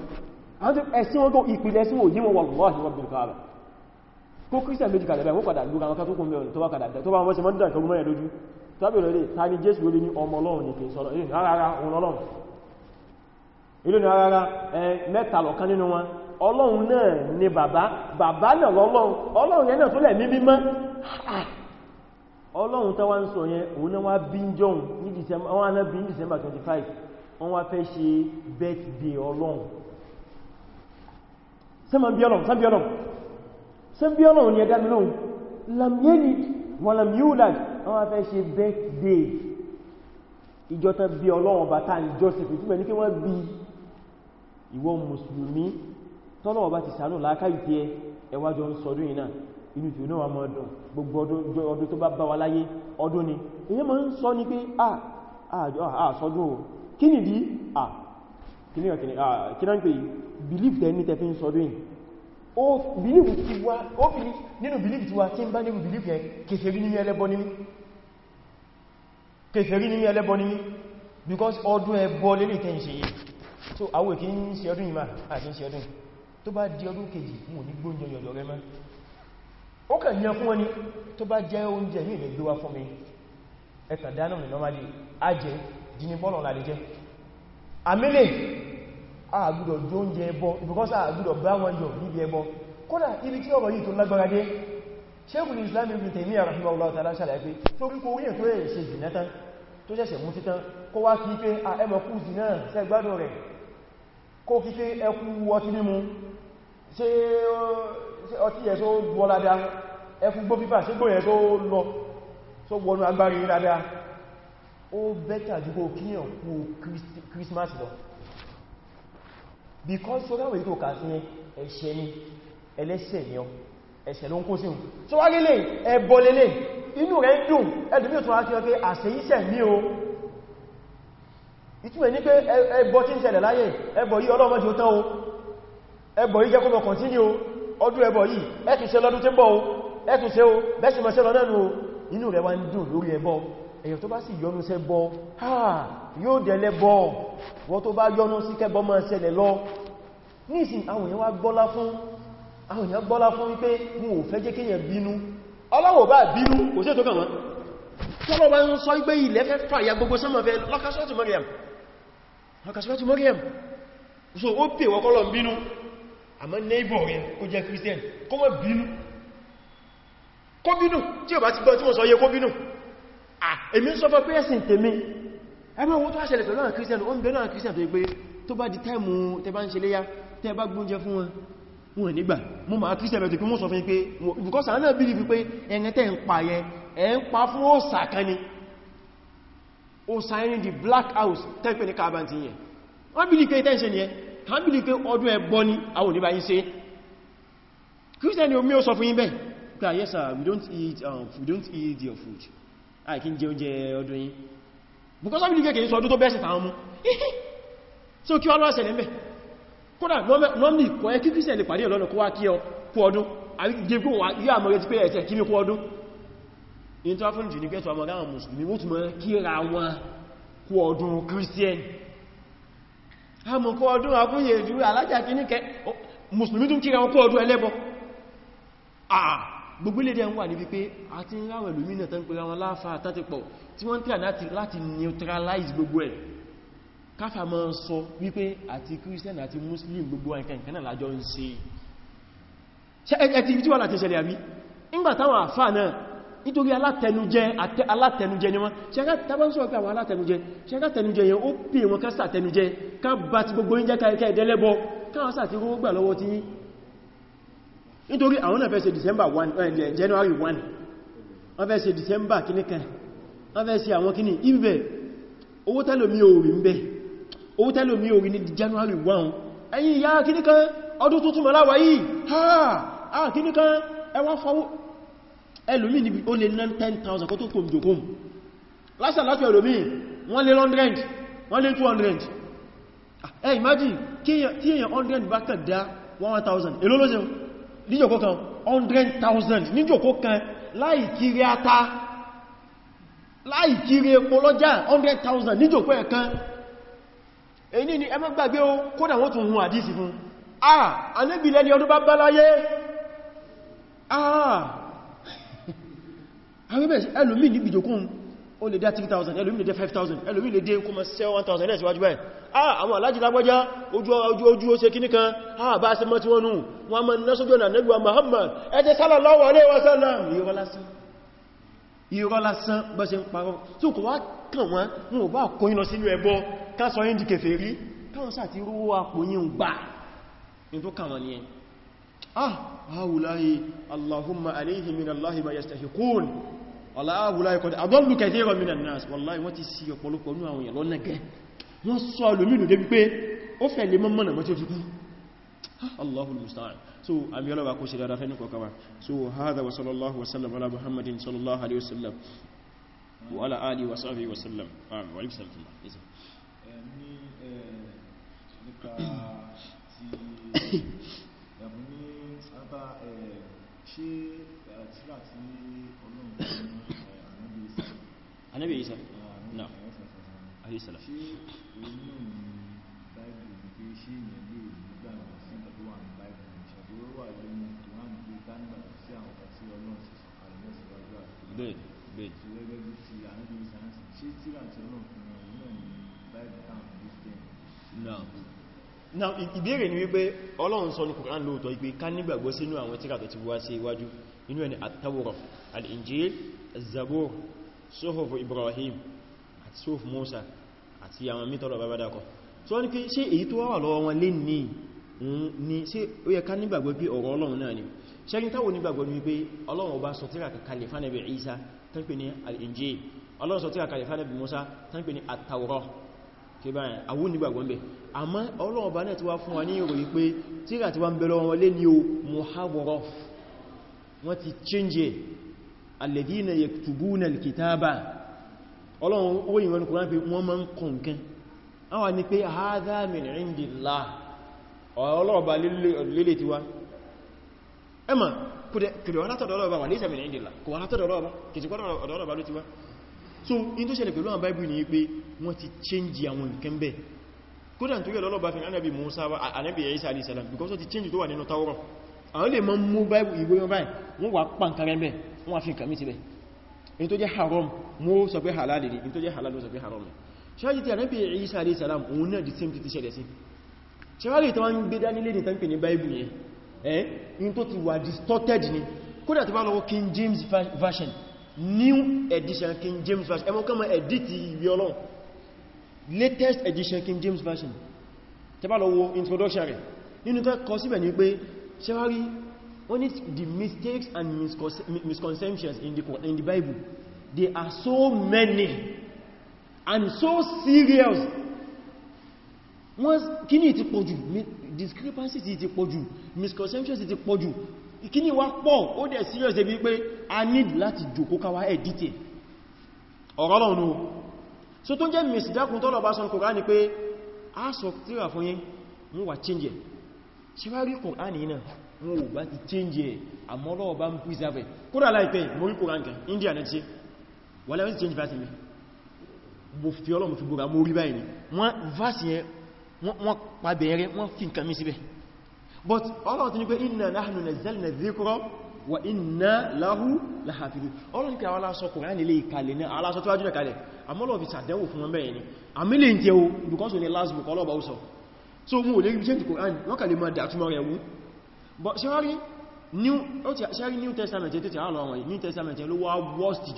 and ẹ̀sìn wọn tó ìpìlẹ̀ sí wọ́n wọn ta ni jésù lórí ní ọlọ́run náà ni bàbá bàbá náà lọ́lọ́run ọlọ́run yẹn náà tó lẹ̀ mímí mọ́ ọlọ́run tó wá ń sọ yẹn òun náà wá bí ń jọun ní December 25 wọ́n wá fẹ́ ṣe birthday ọlọ́run sẹ́mbí ọlọ́run sẹ́mbí ọlọ́run ni ẹ̀dá mi lóhun lamyeli wọn lamyulad wọ́n wá fẹ́ ṣe birthday ìjọta bí ọlọ́run bàtà ìjọsìn fìtúmẹ̀ ní kí wọ́n bí ìwọ mùsùlùmí tọ́lọ̀ ọba ti sàánù láàkáyì tí ẹ ẹwàjọ ń sọdún yìí náà inú tí ó náà mọ́ ọdún gbogbo ọdún tó bá bá wa láyé ọdún ni èyí mọ́ ń sọ ní pé àṣọdún o kí ni dí à kí náà ń pè belief tẹ ní tẹfí ń sọdún yìí ó belief ti wá ó fi nínú belief ti wá tí ń bá because ọdún ẹbọ lélẹ̀ tẹ́ ń ṣe yìí so àwọn èkì ń ṣe ọdún yìí máa àti ń ṣe ọdún yìí tó bá di ọdún kejì mú ní gbóúnjẹ yọ̀dọ̀ rẹ mọ́ ó kà ní ọkún wọn ni tó bá jẹ́ oúnjẹ ní ìrẹ̀gbé wá fún mi ẹ̀kàn dáná mi normally ajẹ́ jíní bọ́ọ̀lọ̀ láti jẹ́ àmìlẹ̀ àgbùdọ̀ jó oúnjẹ ẹbọ because àgbùdọ̀ bá wọn yọ níbi ẹbọ kódà ibi tí ọ̀rọ̀ yìí tó lágbára dé ṣékùn Islam Ibn Taymiyyah rahimahullah ta'ala ṣàlàyé pé torí kò rí ètò ẹ̀ ṣe jìnà tán tó ṣẹ̀ṣẹ̀ mú títán kó wá kí pé ẹmọ̀kú kó fi ṣe ẹkù ọtí mímu ṣe ọtí ẹ̀ tó gbọ́ ládá ẹkù gbó pípà ṣe gbóyẹ̀ tó lọ tó wọnú agbárí ládá ó bẹ́tà jù kó kíyàn kú Christmas lọ because so dáwẹ̀ tó kà sí ẹ̀ṣẹ̀ ni ẹlẹ́ṣẹ̀ ni ọ ẹ̀ṣẹ̀ ló ń kó síhùn tó wá lélẹ̀ ẹbọ lélẹ̀ inú rẹ̀ dùn ẹ̀dùn mí ò tún wá kí ọ o ìtúwẹ̀ ní pé ẹbọ tí ń ṣẹlẹ̀ láyé ẹbọ yìí ọlọ́mọ jí ó tán o ẹbọ yìí jẹ́kọ́mọ̀ kọ̀ntínì o ọdún ẹbọ yìí ẹtù ṣe lọ́dún tí ń o ẹtù ṣe o bẹ́sì mọ̀ṣẹ́ lọ nẹ́nu o inú rẹ̀ wá ń dùn lórí ẹbọ èyàn tó bá sì yọnu sẹ́ bọ yóò dẹ̀lẹ́ bọ wọ́n tó bá yọnu sí kẹ́bọ máa ṣẹlẹ̀ lọ nísìn àwọn èèyàn wá gbọ́lá fún àwọn èèyàn gbọ́lá fún wípé wọn ò fẹ́ jẹ́ kéèyàn bínú ọlọ́wọ̀ bá bínú kò sí ètò kàn wọ́n tọ́lọ́wọ́ ń sọ ìgbé ilẹ̀ fẹ́ fàyà gbogbo sọ́mọ̀ fẹ́ lọ́kásọ́tù Maryam wọn kà sọ́tù Maryam so ó pè wọ́kọ́lọ̀ bínú neighbor rẹ̀ ó jẹ́ Christian kó mọ́ bínú kó bínú tí ó bá ti gbọ́ tí mo sọ yẹ kó bínú èmi ń sọ fọ́ pé ẹ̀sìn tèmi ẹgbẹ́ owó tó wá pẹ̀lú àwọn Christian ó ń bẹ̀rẹ̀ àwọn Christian tó yí pé tó bá di tẹ́mù tẹ́ bá ń ṣe léyá tẹ́ bá gbóúnjẹ fún wọn wọn nígbà mú ma Christian mẹ́tò kí wọ́n sọ fún pé because àwọn náà believe pé ẹ̀yẹn tẹ́ ń pa yẹn ó sáyẹ́rin di black house tẹ́pẹ̀ ní carbon ti yẹn wọ́n bí líké tẹ́ṣẹ́ ni ẹ kàn bí líké ọdún ẹgbọ́ ní àwọn oníbà yí ṣe Christian omi ó sọ fún yín bẹ́ẹ̀ pé ah, yes sir we don't eat um, we don't eat your food a ah, kí n jẹ oúnjẹ ọdún yín because wọ́n bí líké kìí sọ ọdún tó bẹ́ẹ̀sì tàwọn mú [laughs] so kí wọ́n lọ́wọ́ ṣẹlẹ̀ mẹ́ kódà normally kọ́ ẹ Christian lè pàdé ọlọ́nà kó wá kí ọ kú ọdún àbí jẹ́ kó wá yóò àmọ́ rẹ̀ ti pé ẹ̀ṣẹ̀ kí ní kú ọdún in tó fún jù ní pẹ́tù ọmọ gáwọn musulmi wó túnmọ̀ kíra wọn kú ọdún christian a mọ̀ kú ọdún akúnyè ìjú alájà kí ní kẹ musulmi tún kíra wọn kú ọdún ẹlẹ́bọ gbogbo ilé dẹ̀ wà níbi pé a ti ń ráwẹ̀ lómìnà tán pẹ̀lú àwọn láfà tàtipọ̀ tí wọ́n tíra láti neutralize gbogbo ẹ̀ káfà máa sọ wípé àti christian àti muslim gbogbo ẹ̀kẹ̀kẹ́ náà lájọ́ ń ṣe ẹ̀tì ibi tí wà láti ṣẹlẹ̀ àbí ìgbà táwọn àfà náà nítorí alátẹnujẹ alátẹnujẹ ni wọ́n ṣẹ́gá tàbánsọ́ pé àwọn alátẹnujẹ ṣẹ́gá tẹnujẹ yẹn ó pè wọn ká sàtẹnujẹ ká bá ti gbogbo ìjẹ́ káẹkẹ́ ìdẹ́lẹ́bọ káwọn sàtí rówó gbà lọ́wọ́ tí nítorí àwọn náà fẹ́ ṣe December 1 eh, January 1 wọ́n December kíní kan wọ́n fẹ́ ṣe àwọn kíní ibẹ̀ owó tẹ́lò mi ò January 1 ẹ̀yìn ìyá kíní kan ọdún tuntun ha ah, kíní kan ẹwọ́n fọwọ́ ẹlòmí níbi ó lè ná 10,000 kó tó kòm jòkóòm lásà láti ẹlòmí wọ́n lè 100 wọ́n lè 200 ẹ imagine tí èyàn 100 bá kàn dá 1,000 èló ló ṣe níjòkó kan 100,000 níjòkó kan láì kiri ata láì kiri epo lọ́jà 100,000 níjòkó ẹ̀kan èyí ni ẹmọ́ gbàgbé ó kódà wọ́n tún hun àdísì fún ah anẹ́bìlẹ́ni ọdún bá bá láyé ah àwọn bẹ̀rẹ̀ ẹlòmí níbi ìjòkún ó lè dá 3,000 ẹlòmí lè dé 5,000 ẹlòmí lè dé kó 7,000 ẹ̀sì wájú báyìí ah àwọn alájì lágbọ́já ojú ojú ó ṣe kíní kan ah bá ṣe mọ́ tí wọ́n nù wọ́n mọ́ iná sójú ọ̀nà nẹ́gbà Muhammad ẹjẹ́ sallallahu alaihi wasallam irọ́ lásán irọ́ lásán bọ́ ṣe ń parọ́ tí kò wá kàn wọ́n wọn ò bá kó yín lọ sínú ẹbọ ká sọ yín di kèfèrí káwọn sáà ti rówó apò yín gbà ní tó kàn wọ́n nìyẹn ah haulahi allahumma alayhi min allahi aláàbùláì kọ̀dá àdọ́lù kẹtẹ́rọ mìíràn náà wọ́láì wọ́n ti sí ọ̀pọ̀lọpọ̀ ní àwọn èèyàn lọ́nà gẹ́ wọ́n sọ alòmínú débi pé ó fẹ́ lè mọ́mọ́ ah, so àmì ọlọ́wà kó ṣe dára so hada wa sallallahu wa sallam ala muhammadin sallallahu alaihi wa sallam wa ala ali wa sahbihi wa sallam amin wa alaikum salam ni nípa [coughs] [coughs] anábì isa náà àríṣàlá bẹ́ẹ̀ bẹ́ẹ̀ now ìbéèrè ni wípé Ọlọ́run sọ ní Kùránì lóòtọ́ ìpé ká nígbàgbọ́ sínú àwọn tírà tó ti wá sí iwájú inú ẹni at-Tawrah al-Injil az-Zabur sófòfò Ibrahim àti sófò Musa àti àwọn mítọ́lọ̀ babadakọ̀ tó wọ́n ni pé ṣe èyí tó wà lọ́wọ́ wọn lè ní ní ṣe ó yẹ ká nígbàgbọ́ pé ọ̀rọ̀ Ọlọ́run náà ni ṣẹ́yìn táwọn onígbàgbọ́ ni pé Ọlọ́run ọba sọ tírà kalẹ̀ Isa tán pè ní al-Injil Ọlọ́run sọ tírà kalẹ̀ fánàbí Musa tán pè ní at-Tawrah kíbá ẹ̀ àwọn onígbàgbọ́ ń bẹ àmọ́ Ọlọ́run ọba náà ti wá fún wa ní ìròyìn pé tírà ti wá change e alladhina yaktubuna alkitaba ọlọ́run ó yìí wọn kùrán pé wọ́n máa ń kọ nǹkan àwa ni pé hadha min indillah ọlọ́ọ̀bá lélè tiwa ẹmà kìdọ̀ látọ̀dọ̀ ọlọ́ọ̀bá wà laysa min indillah kò wà látọ̀dọ̀ ọlọ́ọ̀bá kìtìkọ́ ọlọ́ọ̀bá ló tiwa so in tó ṣẹlẹ̀ pẹ̀lú àwọn báìbù ní pé wọ́n ti change àwọn nǹkan bẹ́ẹ̀ kódà nítorí ọlọ́ọ̀bá fi anábì Musa wa anábì Isa alayhi salam because ó ti change tó wà nínú Tawrah àwọn lè mọ́ mú wọ́n fi nǹkan mí síbẹ̀ èyí tó jẹ́ haram mo sọ pé halal ni èyí tó jẹ́ halal mo sọ pé haram ni ṣáàjì tí a rẹ́pẹ̀ Isa alayhi salam òun náà di same títíṣẹ́lẹ̀ sí ṣẹ́wàlẹ̀ ìtọ́ wọ́n ń gbé dání lè ní tán pè ní báìbù yẹn distorted ni kódà tó King James version new edition King James version ẹmọ kọ́mọ edit ìwé latest edition King James version tó bá lọ́wọ́ introduction rẹ̀ nínú tó kọ only the mistakes and misconceptions in the, in the Bible they are so many and so serious wọ́n kíní ti pọ̀jù discrepancies ti pọ̀jù misconceptions ti pọ̀jù kíní wá pọ̀ ó dẹ̀ serious ẹbí pé a need láti jòkó káwà ẹ̀ dìtẹ̀ e. ọ̀rọ̀ lọ́nà so tó jẹ́ misdákun tọ́lọ̀ bá sọ Kùránì pé a sọ tíra fún yín mú wà change ẹ̀ e. ṣe wá rí Kùránì náà wọn ò bá ti change ẹ̀ àmọ́lọ́wọ́ bá ń preserve kódà láìpẹ́ moríkò ránkà India náà ti ṣe wà láwọn ti change verse mi mo fi ọlọ́mù fi búra mórí báyìí ni wọ́n verse yẹn wọ́n pàbẹ̀ẹ̀rẹ́ wọ́n fi nǹkan mi síbẹ̀ but ọlọ́run ti ní pé inna nahnu nazzalna dhikra wa inna lahu lahafidhun ọlọ́run kí àwọn aláṣọ kùnrin nílé ìkàlẹ̀ ní aláṣọ tó wájú ìkàlẹ̀ àmọ́lọ́ fi sàdẹ́wò fún wọn bẹ́ẹ̀ ni àmìlẹ̀ ń tẹ́ o because of the last book ọlọ́ba ó sọ so mú ò lè rí bí ṣe ń ti kùnrin wọ́n kà lè máa dàtúmọ̀ rẹ̀ wú but ṣe wá rí new testament tètè àwọn àwọn yìí new testament ló wá worst jù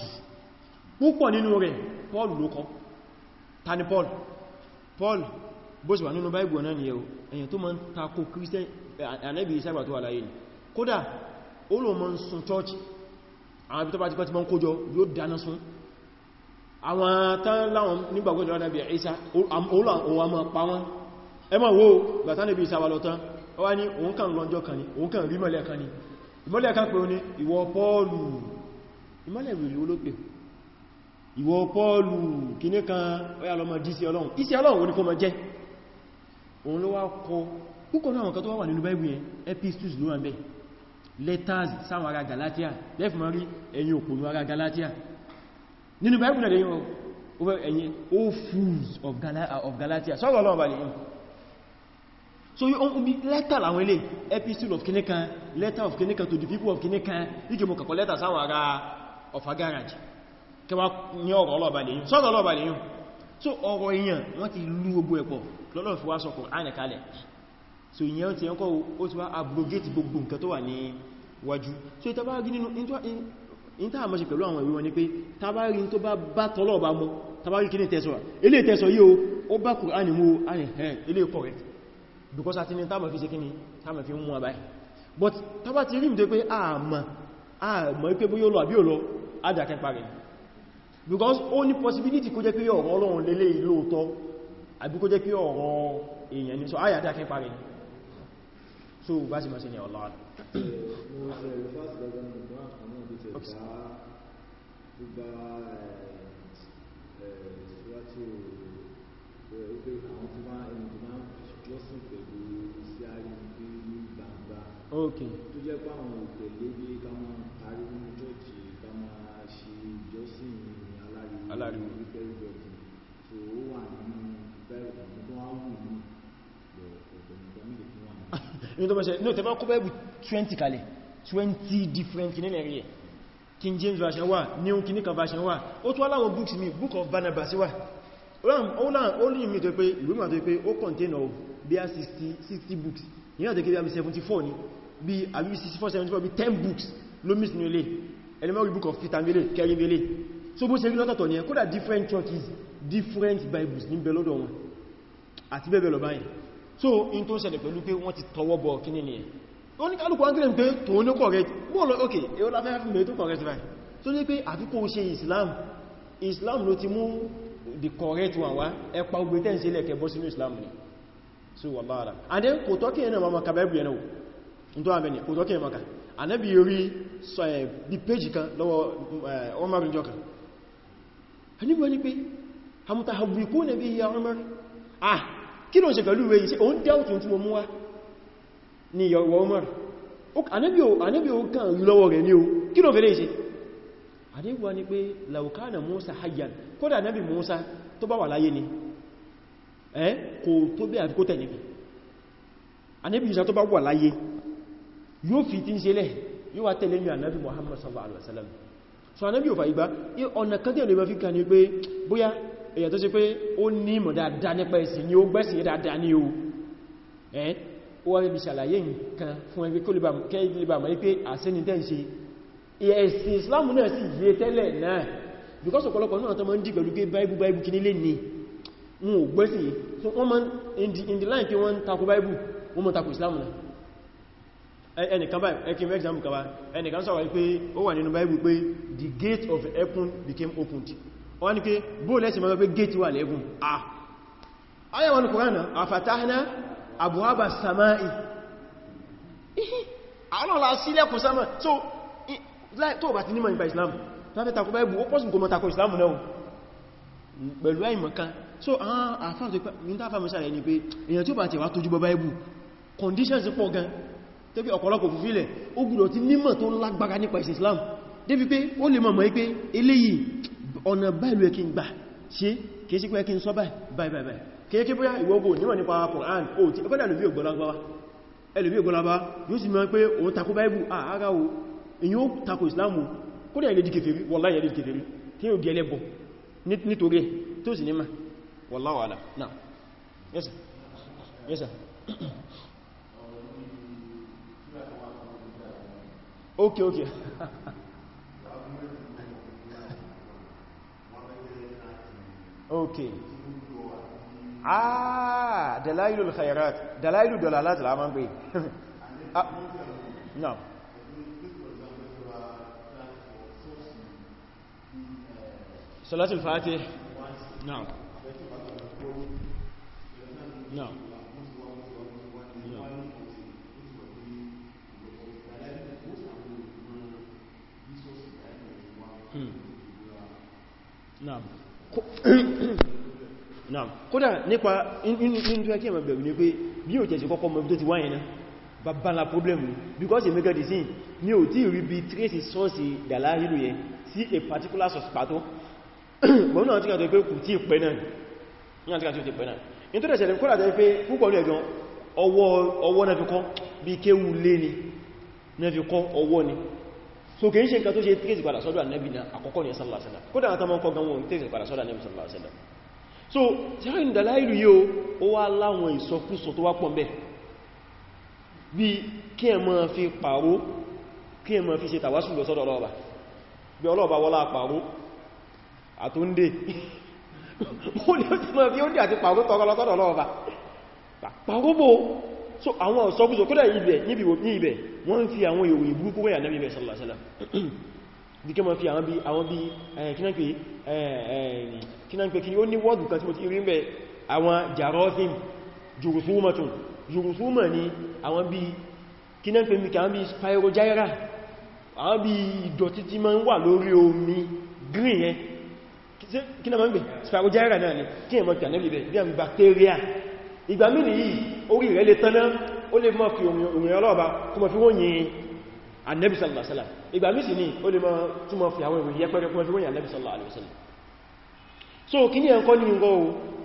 púpọ̀ nínú rẹ̀ paul ló kọ ta ni paul paul bó ṣe wà nínú bible náà ni èyàn tó máa ń takò christian anẹ́bì ìsáàgbà tó wà láyé ni kódà ó lò mọ́ ń sun church àwọn ibi tó bá ti pẹ́ ti mọ́ ń kójọ yóò dáná sun àwọn tán láwọn nígbàgbọ́jọ́ wá ní òun kàn lọ́njọ́ kan ní òun kàn rí mọ́lẹ̀ kan ní ìmọ́lẹ̀ kan pé o ní ìwọ pọ́ọ̀lù ìmọ́lẹ̀ ìrìlú olóògbé ìwọ pọ́ọ̀lù kìní kan ọya lọ mọ́ jí sí ọlọ́run iṣẹ́ ọlọ́run wo ni kó mọ́ jẹ́ òun ló wá kọ púpọ̀ náà Galatia lẹ́fì mọ́ rí ẹ̀yin Galatia nínú Bíbélì náà lẹ́yìn of Galatia sọ́rọ̀ ọlọ́run so you own oh, be letter làwọn ilé epistle of kinikan letter of kinikan to the people of kinikan ike mo kàkọ letter sáwọn ará of agarage kẹwa ní ọ̀rọ̀ ọlọ́ọ̀bà lèyìn sọ́rọ̀ ọlọ́ọ̀bà lèyìn so ọ̀rọ̀ èèyàn wọ́n ti lú gbogbo ẹ̀pọ̀ lọ́lọ́ fi wá sọ Kùránì kalẹ̀ so ìyẹn ti ẹ̀kọ́ ó ti wá abrogate gbogbo nǹkan tó wà ní wájú so ìta bá rí nínú ìta àmọ́ ṣe pẹ̀lú àwọn ìwé wọn ni pé ta bá rí tó bá bá tọ́lọ́ọ̀bá mọ́ ta bá rí kí ní tẹ́sọ̀ ilé tẹ́sọ̀ yìí ó bá Kùránì mú ó ilé correct because àti ní táàmà fi ṣe kíni táàmà fi ń mú àbáyì but tàbá ti rí mìí pé àmà àmà ipé bó yóò lọ àbí òlọ àdàkẹ́ parí because ó ní possibility kó jẹ́ pé ọ̀rọ̀ ọlọ́run lélé ìlóòtọ́ àbí kó jẹ́ pé ọ̀rọ̀ èèyàn ní sọ àyà àdàkẹ́ parí so bá sì máa ṣe ní ọ̀lọ́ Ìgbà eh, eh, eh, ẹ̀ẹ̀ ok tó jẹ́ pé àwọn òtẹ̀lé bí ká máa ariwo ní chọ́ọ̀chì ká máa ṣe ìjọsìn aláriwo wípé ìjọsìn [laughs] tó wà tó wà ní different nílẹ̀ rí King James version wà New King version wà ó tó aláwọ̀ books mi Book of Barnabas wà ó lè mi tó pé ìwé mà tó pé ó contain of bí i 60 books ní àtẹ́kẹ́ bí i 74 ni bí àbí 6474 bí 10 books ló miss ní ilé elementary book of peter mele kerry mele so bó ṣe rí lọ́tọ̀tọ̀ ní ẹ kódà different churches different bibles ní belọ́dọ̀ wọn àti bẹ́ẹ̀ bẹ́ẹ̀ báyìí so in tó ṣẹlẹ̀ pẹ̀lú pé wọ́n ti tọwọ́ bọ kíní ni ẹ̀ ó ní kálùkù angele pé tòun ló correct bóòlọ́ ok èyó láfẹ́ fún mẹ́ correct right So ní pé àfikún ṣe islam islam ló ti mú the correct one wá ẹpa ogbẹ̀tẹ́ ìṣẹ́lẹ̀ kẹbọ́ sínú islam ni so wà bára and then kò tọ́kì ẹ̀nà mama kabẹ́bù ẹ̀nà tó wà bẹni kò tọ́kẹ̀ maka anẹ́bí orí sọ ẹ̀ eh, bí péjì kan lọ́wọ́ Umar eh, jọ kan ẹnibọ̀ ní pé hamuta habrikú na bí ya Umar ah kí lọ ṣe pẹ̀lú rẹ̀ ṣe òun dáútù tí mo mú wá ní yọ̀wọ̀ Umar anẹ́bí o kan rí lọ́wọ́ rẹ̀ ní o kí laukana Musa hayyan kódà anẹ́bí Musa tó bá wà eh kò tó bẹ́ àfikó tẹ̀lé anẹ́bí Musa tó yóò fi tí ń ṣe lẹ́ yóò wá tẹ̀lé mi ànábì Muhammad sallallahu alaihi wasallam so ànábì ò fàyígbá ọ̀nà kan tẹ́lẹ̀ ma fi kà ní pé bóyá èyà tó ṣe pé ó ní mọ̀ dáadáa nípa ẹ̀sìn ni ó gbẹ́sìn dáadáa ní o ẹ́ ó wá rẹ̀bi ṣàlàyé nǹkan fún ẹgbẹ́ kólíbà mọ̀ pé àṣẹ́ni tẹ́ ń ṣe ẹ̀sìn Islam náà sì yé tẹ́lẹ̀ náà because ọ̀pọ̀lọpọ̀ náà tó máa ń dì pẹ̀lú pé Bible Bible kí nílé ni wọn ò gbẹ́sìn the line pé wọ́n ń takò Islam ẹnìkan báyìí ẹkí mẹ́ example kaba ẹnìkan sọ̀rọ̀ pé ó wà nínú Bible pé the gate of heaven became opened wọ́n ni pé bó lẹ́sì mọ́ pé gate wà lẹ́gùn ah ayẹ́ wọn kùránà àfàtàhánà àbúhábà samáì alọ́la [laughs] sílẹ̀kùn sámà so tó bá ti nímọ̀ nípa Islam tàbí takò Bible ó pọ́sùn gọmọ takò Islam náà pẹ̀lú àìmọ̀kan so àwọn àfáàtò ìpínlẹ̀ àfáàmì sára ẹni pé èyàn tí ó bá ti wá tójú bọ conditions pọ̀ gan tó bí ọ̀pọ̀lọpọ̀ fúfílẹ̀ ó gbọ́dọ̀ ti nímọ̀ tó lágbára nípa ìsìn Islam débi pé ó lè mọ̀ mọ̀ pé eléyìí ọ̀nà báyìí kí n gbà ṣe kìí sí pé kí n sọ báyìí kéèké bóyá ìwọ́gbò nímọ̀ nípa Qur'an ó ti ẹgbẹ́dà lórí ògbọ́lágbá yóò sì mọ̀ pé ó takó báìbù àárá o èyí ó takó Islamu kó dẹ̀ ilé dìkèfèrí wallahi ilé dìkèfèrí kí yóò di ẹlẹ́bọ̀ nítorí tó sì ní ma wallahu a'lam náà yes sir yes sir ok ok ok ah dalailu al-khairat dalailu dalalat la man pe ah no salatul fatih no no Hmm. náà [coughs] kódà nípa inú tó ẹkí ẹ̀mọ̀ bẹ̀rù ní pé bí ò tẹ̀sí kọ́kọ́ mọ̀ tó ti wáyẹ̀ náà babbala problem ni because you make a decision ni o ti rí bí trace source dalahilu yẹn sí a particular source pàtó [coughs] mo na ti ka to pé kò tí pẹ́ náà ni an ti ka to pẹ́ náà in to de se le ko la de pé púpọ̀ ni egan ọwọ́ ọwọ́ náà fi kọ́ bí kéwú lé ni náà fi kọ́ ọwọ́ ni so kìí ṣe nǹkan tó ṣe trace padà sọ́dọ̀ annabi na àkọ́kọ́ ní sallallahu alaihi wasallam kódà àwọn tọmọ kọgan wọn trace padà sọ́dọ̀ annabi sallallahu alaihi wasallam so jẹ́rin dalailu yóò ó wá láwọn ìsọkúsọ tó wá pọ̀ mẹ́ bí kí ẹ máa fi pàró kí ẹ máa fi ṣe tàwásùn lọ sọ́dọ̀ ọlọ́ọ̀bà bí ọlọ́ọ̀bà wọ́lá pàró àtúndé [laughs] ó ní ó ti máa fi ó dì àti pàró tọrọ so àwọn ọ̀sọ́gbùsọ̀ kódà ibẹ̀ níbi ní ibẹ̀ wọ́n ń fi àwọn ìròyìn burúkú wẹ́yà náà ibẹ̀ sallásallá díkẹ́ ma fi àwọn bí àwọn bí kínánpé eh, kí eh, eh, ó ní wọ́dù kan tí mo ti rí mẹ́ àwọn jarọ́sìn jùrùsúmọ̀tún jùrùsúmọ̀ ni àwọn bí kínánpé spirogyra àwọn bí ìdọ̀tí tí ma ń wà green yẹn kí spirogyra náà ni kí ìgbà mí nìyí orí rẹ̀ lè tánná ó lè mọ́ fi òmìnira ọlọ́ọ̀bá tó mọ̀ fi wọ́n yìn Ànábì sallallahu alaihi wasallam ìgbà mí sì ní ó lè mọ́ fi àwọn ìròyìn yẹpẹrẹ fún ọjọ́ Ànábì sallallahu alaihi wasallam so kí ní ẹ̀kọ́ ní ìrọ̀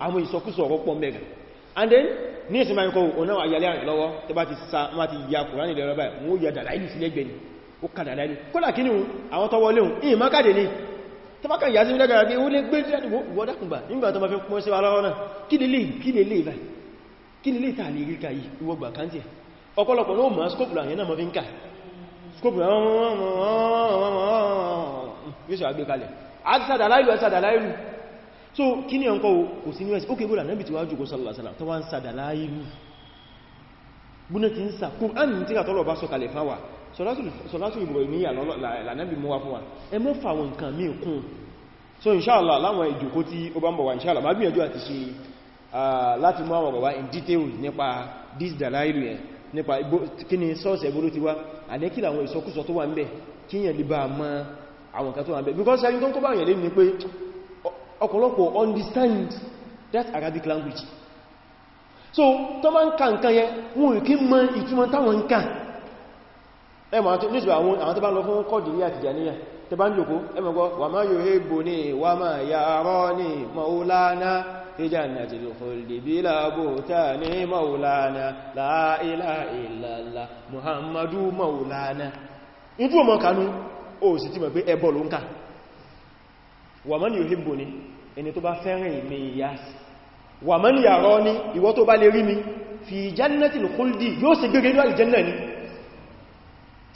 àwọn ìsọkúsọ ọ̀rọ̀ pọ̀ mẹ́rin and then ní ìsinmi ẹ̀kọ́ ọ̀nà àyàlẹ́ àrẹ̀ lọ́wọ́ tẹ bá sa má ya kùránì lẹ́rọ báyìí wọ́n yà dàdà ìlú sílẹ̀ gbẹ̀ni ó kà dàdà ìlú kọ́lá kí ní àwọn tọwọ́ léhun ìyìn mákàdé ní tọ́bákà yà sí ilẹ̀ gbẹ̀rẹ̀ gbẹ̀rẹ̀ gbẹ̀rẹ̀ gbẹ̀rẹ̀ gbẹ̀rẹ̀ gbẹ̀rẹ̀ gbẹ̀rẹ̀ gbẹ̀rẹ̀ gbẹ̀rẹ̀ gbẹ̀rẹ̀ gbẹ̀rẹ̀ kí lè tàà lè ríkà yìí ìwọ̀gbà kan tí ẹ̀ ọ̀pọ̀lọpọ̀ náà ma skopu láyé náà ma fi ń kà skopu yóò sàgbé kalẹ̀ àtìsàdà láìlú àtìsàdà láìlú so kí ní ọkọ̀ kò sí níwẹ̀sì ókè bóòlà náà bí ti wájú kó sallásálà tó wá ń sàdà láìlú búnà ti ń sà kùránì tí kà tọ́lọ̀ bá sọ kalẹ̀ fáwà sọlátù ìbọ̀ ìníyà lànàbì mú wa fún wa ẹ mọ́ fàwọn nǹkan mí kún so inṣáàlá láwọn ìjòkó tí ó bá ń bọ̀ wà inṣáàlá má gbìyànjú àti ṣe Ah, láti mú àwọn ọ̀rọ̀wá in detail nípa this dalailu yẹn nípa kí ni sọ́ọ̀sẹ̀ ìbóló ti wá àdẹ́kì àwọn ìsọkúsọ tó wà ń bẹ̀ kí yẹn lè bá mọ́ àwọn kan tó wà ń bẹ̀ because ẹni tó ń kó bá yẹn lé understand that Arabic language so tó máa ń ka nǹkan yẹn wọn kì í mọ ìtumọ̀ táwọn ń kà ẹmọ̀ àwọn tó bá lọ fún kọ́dìrí àtìjàníyà tẹ bá ń jòkó wà máa yóò hébò ní wà máa yà ní maulana في جنة الخلد بلا بهتان مولانا لا إله إلا محمد مولانا ìjú ọmọ kanú ó sì ti mọ̀ pé ẹbọ ló ń ká wàmán yóò hìbò ní ẹni tó bá fẹ́ràn ìmì ìyá sí wàmán yàrọ ní ìwọ tó bá lè rí mi fi jannatil khuldi yóò sì gbé gẹ́gẹ́ aljanna ni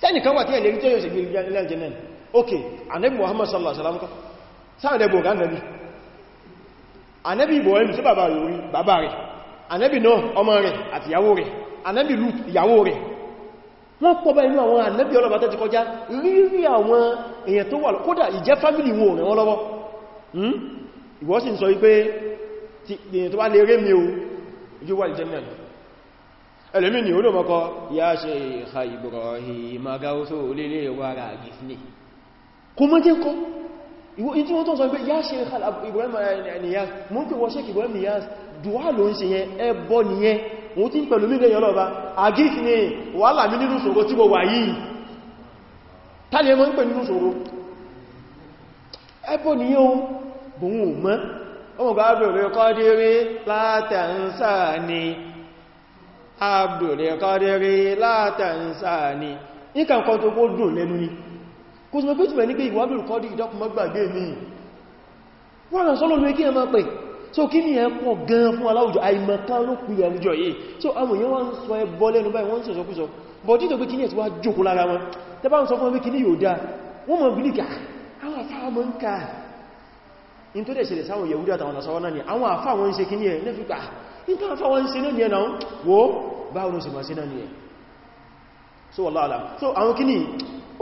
sẹ́nìkan wà tí ẹ̀lẹ́rí tí yóò sì gbé gẹ́gẹ́ aljanna ni ok anẹ́bì Muhammad sallallahu alaihi wasallam anẹ́bì Ibrahim tí bàbá rẹ̀ orí bàbá rẹ̀ anẹ́bì náà ọmọ rẹ̀ àti ìyàwó rẹ̀ anẹ́bì Lut ìyàwó rẹ̀ wọ́n pọ̀ bá inú àwọn anẹ́bì ọlọ́bà tó ti kọjá rírí àwọn èèyàn tó wà kódà ìjẹ́ fámílì wọn rẹ̀ wọ́n lọ́wọ́ hmm? ìwọ́ sì ń sọ wípé èèyàn tó bá lè rẹ́ mi o ojú wà ìjẹ́ mẹ́rin ẹlẹ́mì ni olóò mọ́kọ ya ìtí wọ́n tó sọ pé yá ṣe Ibrahim Niyas mú pé wọ́n ṣékì Ibrahim Niyas dùwà ló ń ṣe yẹn ẹbọ nìyẹn wọ́n tí ń pẹ̀lú mílẹ̀ yọ lọ́ba agíkì ni wàhálà mi nínú ṣòro tí mo wà yìí tàbí ẹmọ ń pè nínú ṣòro ẹbọ nìyẹn o bòun ò mọ́ ọmọgbà Abdul Qadir látàǹsàní Abdul Qadir látàǹsàní kò sí pé túnmẹ̀ ní pé ìwádùn kọ́dí ìdákùnmọ́gbàgbé mi wọ́n rán sọ́lọ́lú ẹkí ẹmọ́ pẹ̀ so kí ni ẹ pọ̀ gan fún aláwùjọ àìmọ̀ká ló pè àwùjọ yìí so àwọn èèyàn wọ́n sọ ẹbọ́ lẹ́nu báyìí wọ́n sọ sọkúsọ bọ̀ títọ̀ pé kí ni ẹ̀ tí wá jókòó lára wọn tẹ́bá ń sọ fún ẹbí kí ni yóò dá wọ́n mọ̀ bí nìkà ah, àwọn àfáà mọ́ ń ká in tó dẹ̀ ṣẹlẹ̀ sáwọn yẹ̀wúdí àtàwọn àsọwọ́ náà ni àwọn àfáà wọ́n ń ṣe kí ni ẹ̀ nẹ́fíkà in tó àfáà wọ́n ń ṣe náà ni ẹ̀ náà wó báwọn ó sì máa ṣe náà ni ẹ̀ so wọ́lá àlá so àwọn kí ni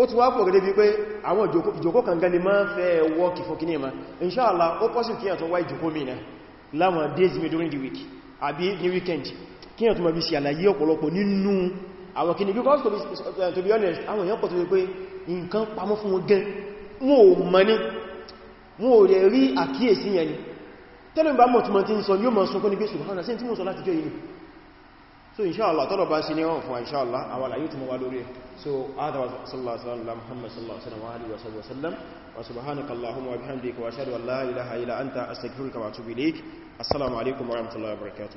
ó ti wá pọ̀ gẹ́gẹ́ bí pé àwọn ìjòkó kan gani máa fẹ́ wọ́kì fún kìníyàn máa inṣáàlá ó pọ́sí kíyàn tó wá ìjòkó mìíràn láwọn days me during the week àbí ní weekend kíyàn tó ma bí sí àlàyé ọ̀pọ̀lọpọ̀ nínú àwọn kìní because to be honest àwọn èèyàn pọ̀ tó pé nǹkan pamọ́ fún wọn gan wọn ò mọ̀ ní wọn ò rẹ̀ rí àkíyèsí yẹn ni tẹ́lẹ̀ bá mọ̀ tí mo ti ń sọ yóò mọ̀ sọ kọ́ ní pé subhanallah sí tí mo sọ láti jọ yìí so inshallah tọ́lọ̀ bá sí ní ọ̀n fún inshallah àwọn àlàyé tí mo wá lórí so adawa sallallahu alaihi wasallam wa sallallahu alaihi wasallam wa subhanaka allahumma wa bihamdika wa ashhadu an la ilaha illa anta astaghfiruka wa atubu ilaik assalamu alaikum wa rahmatullahi wa barakatuh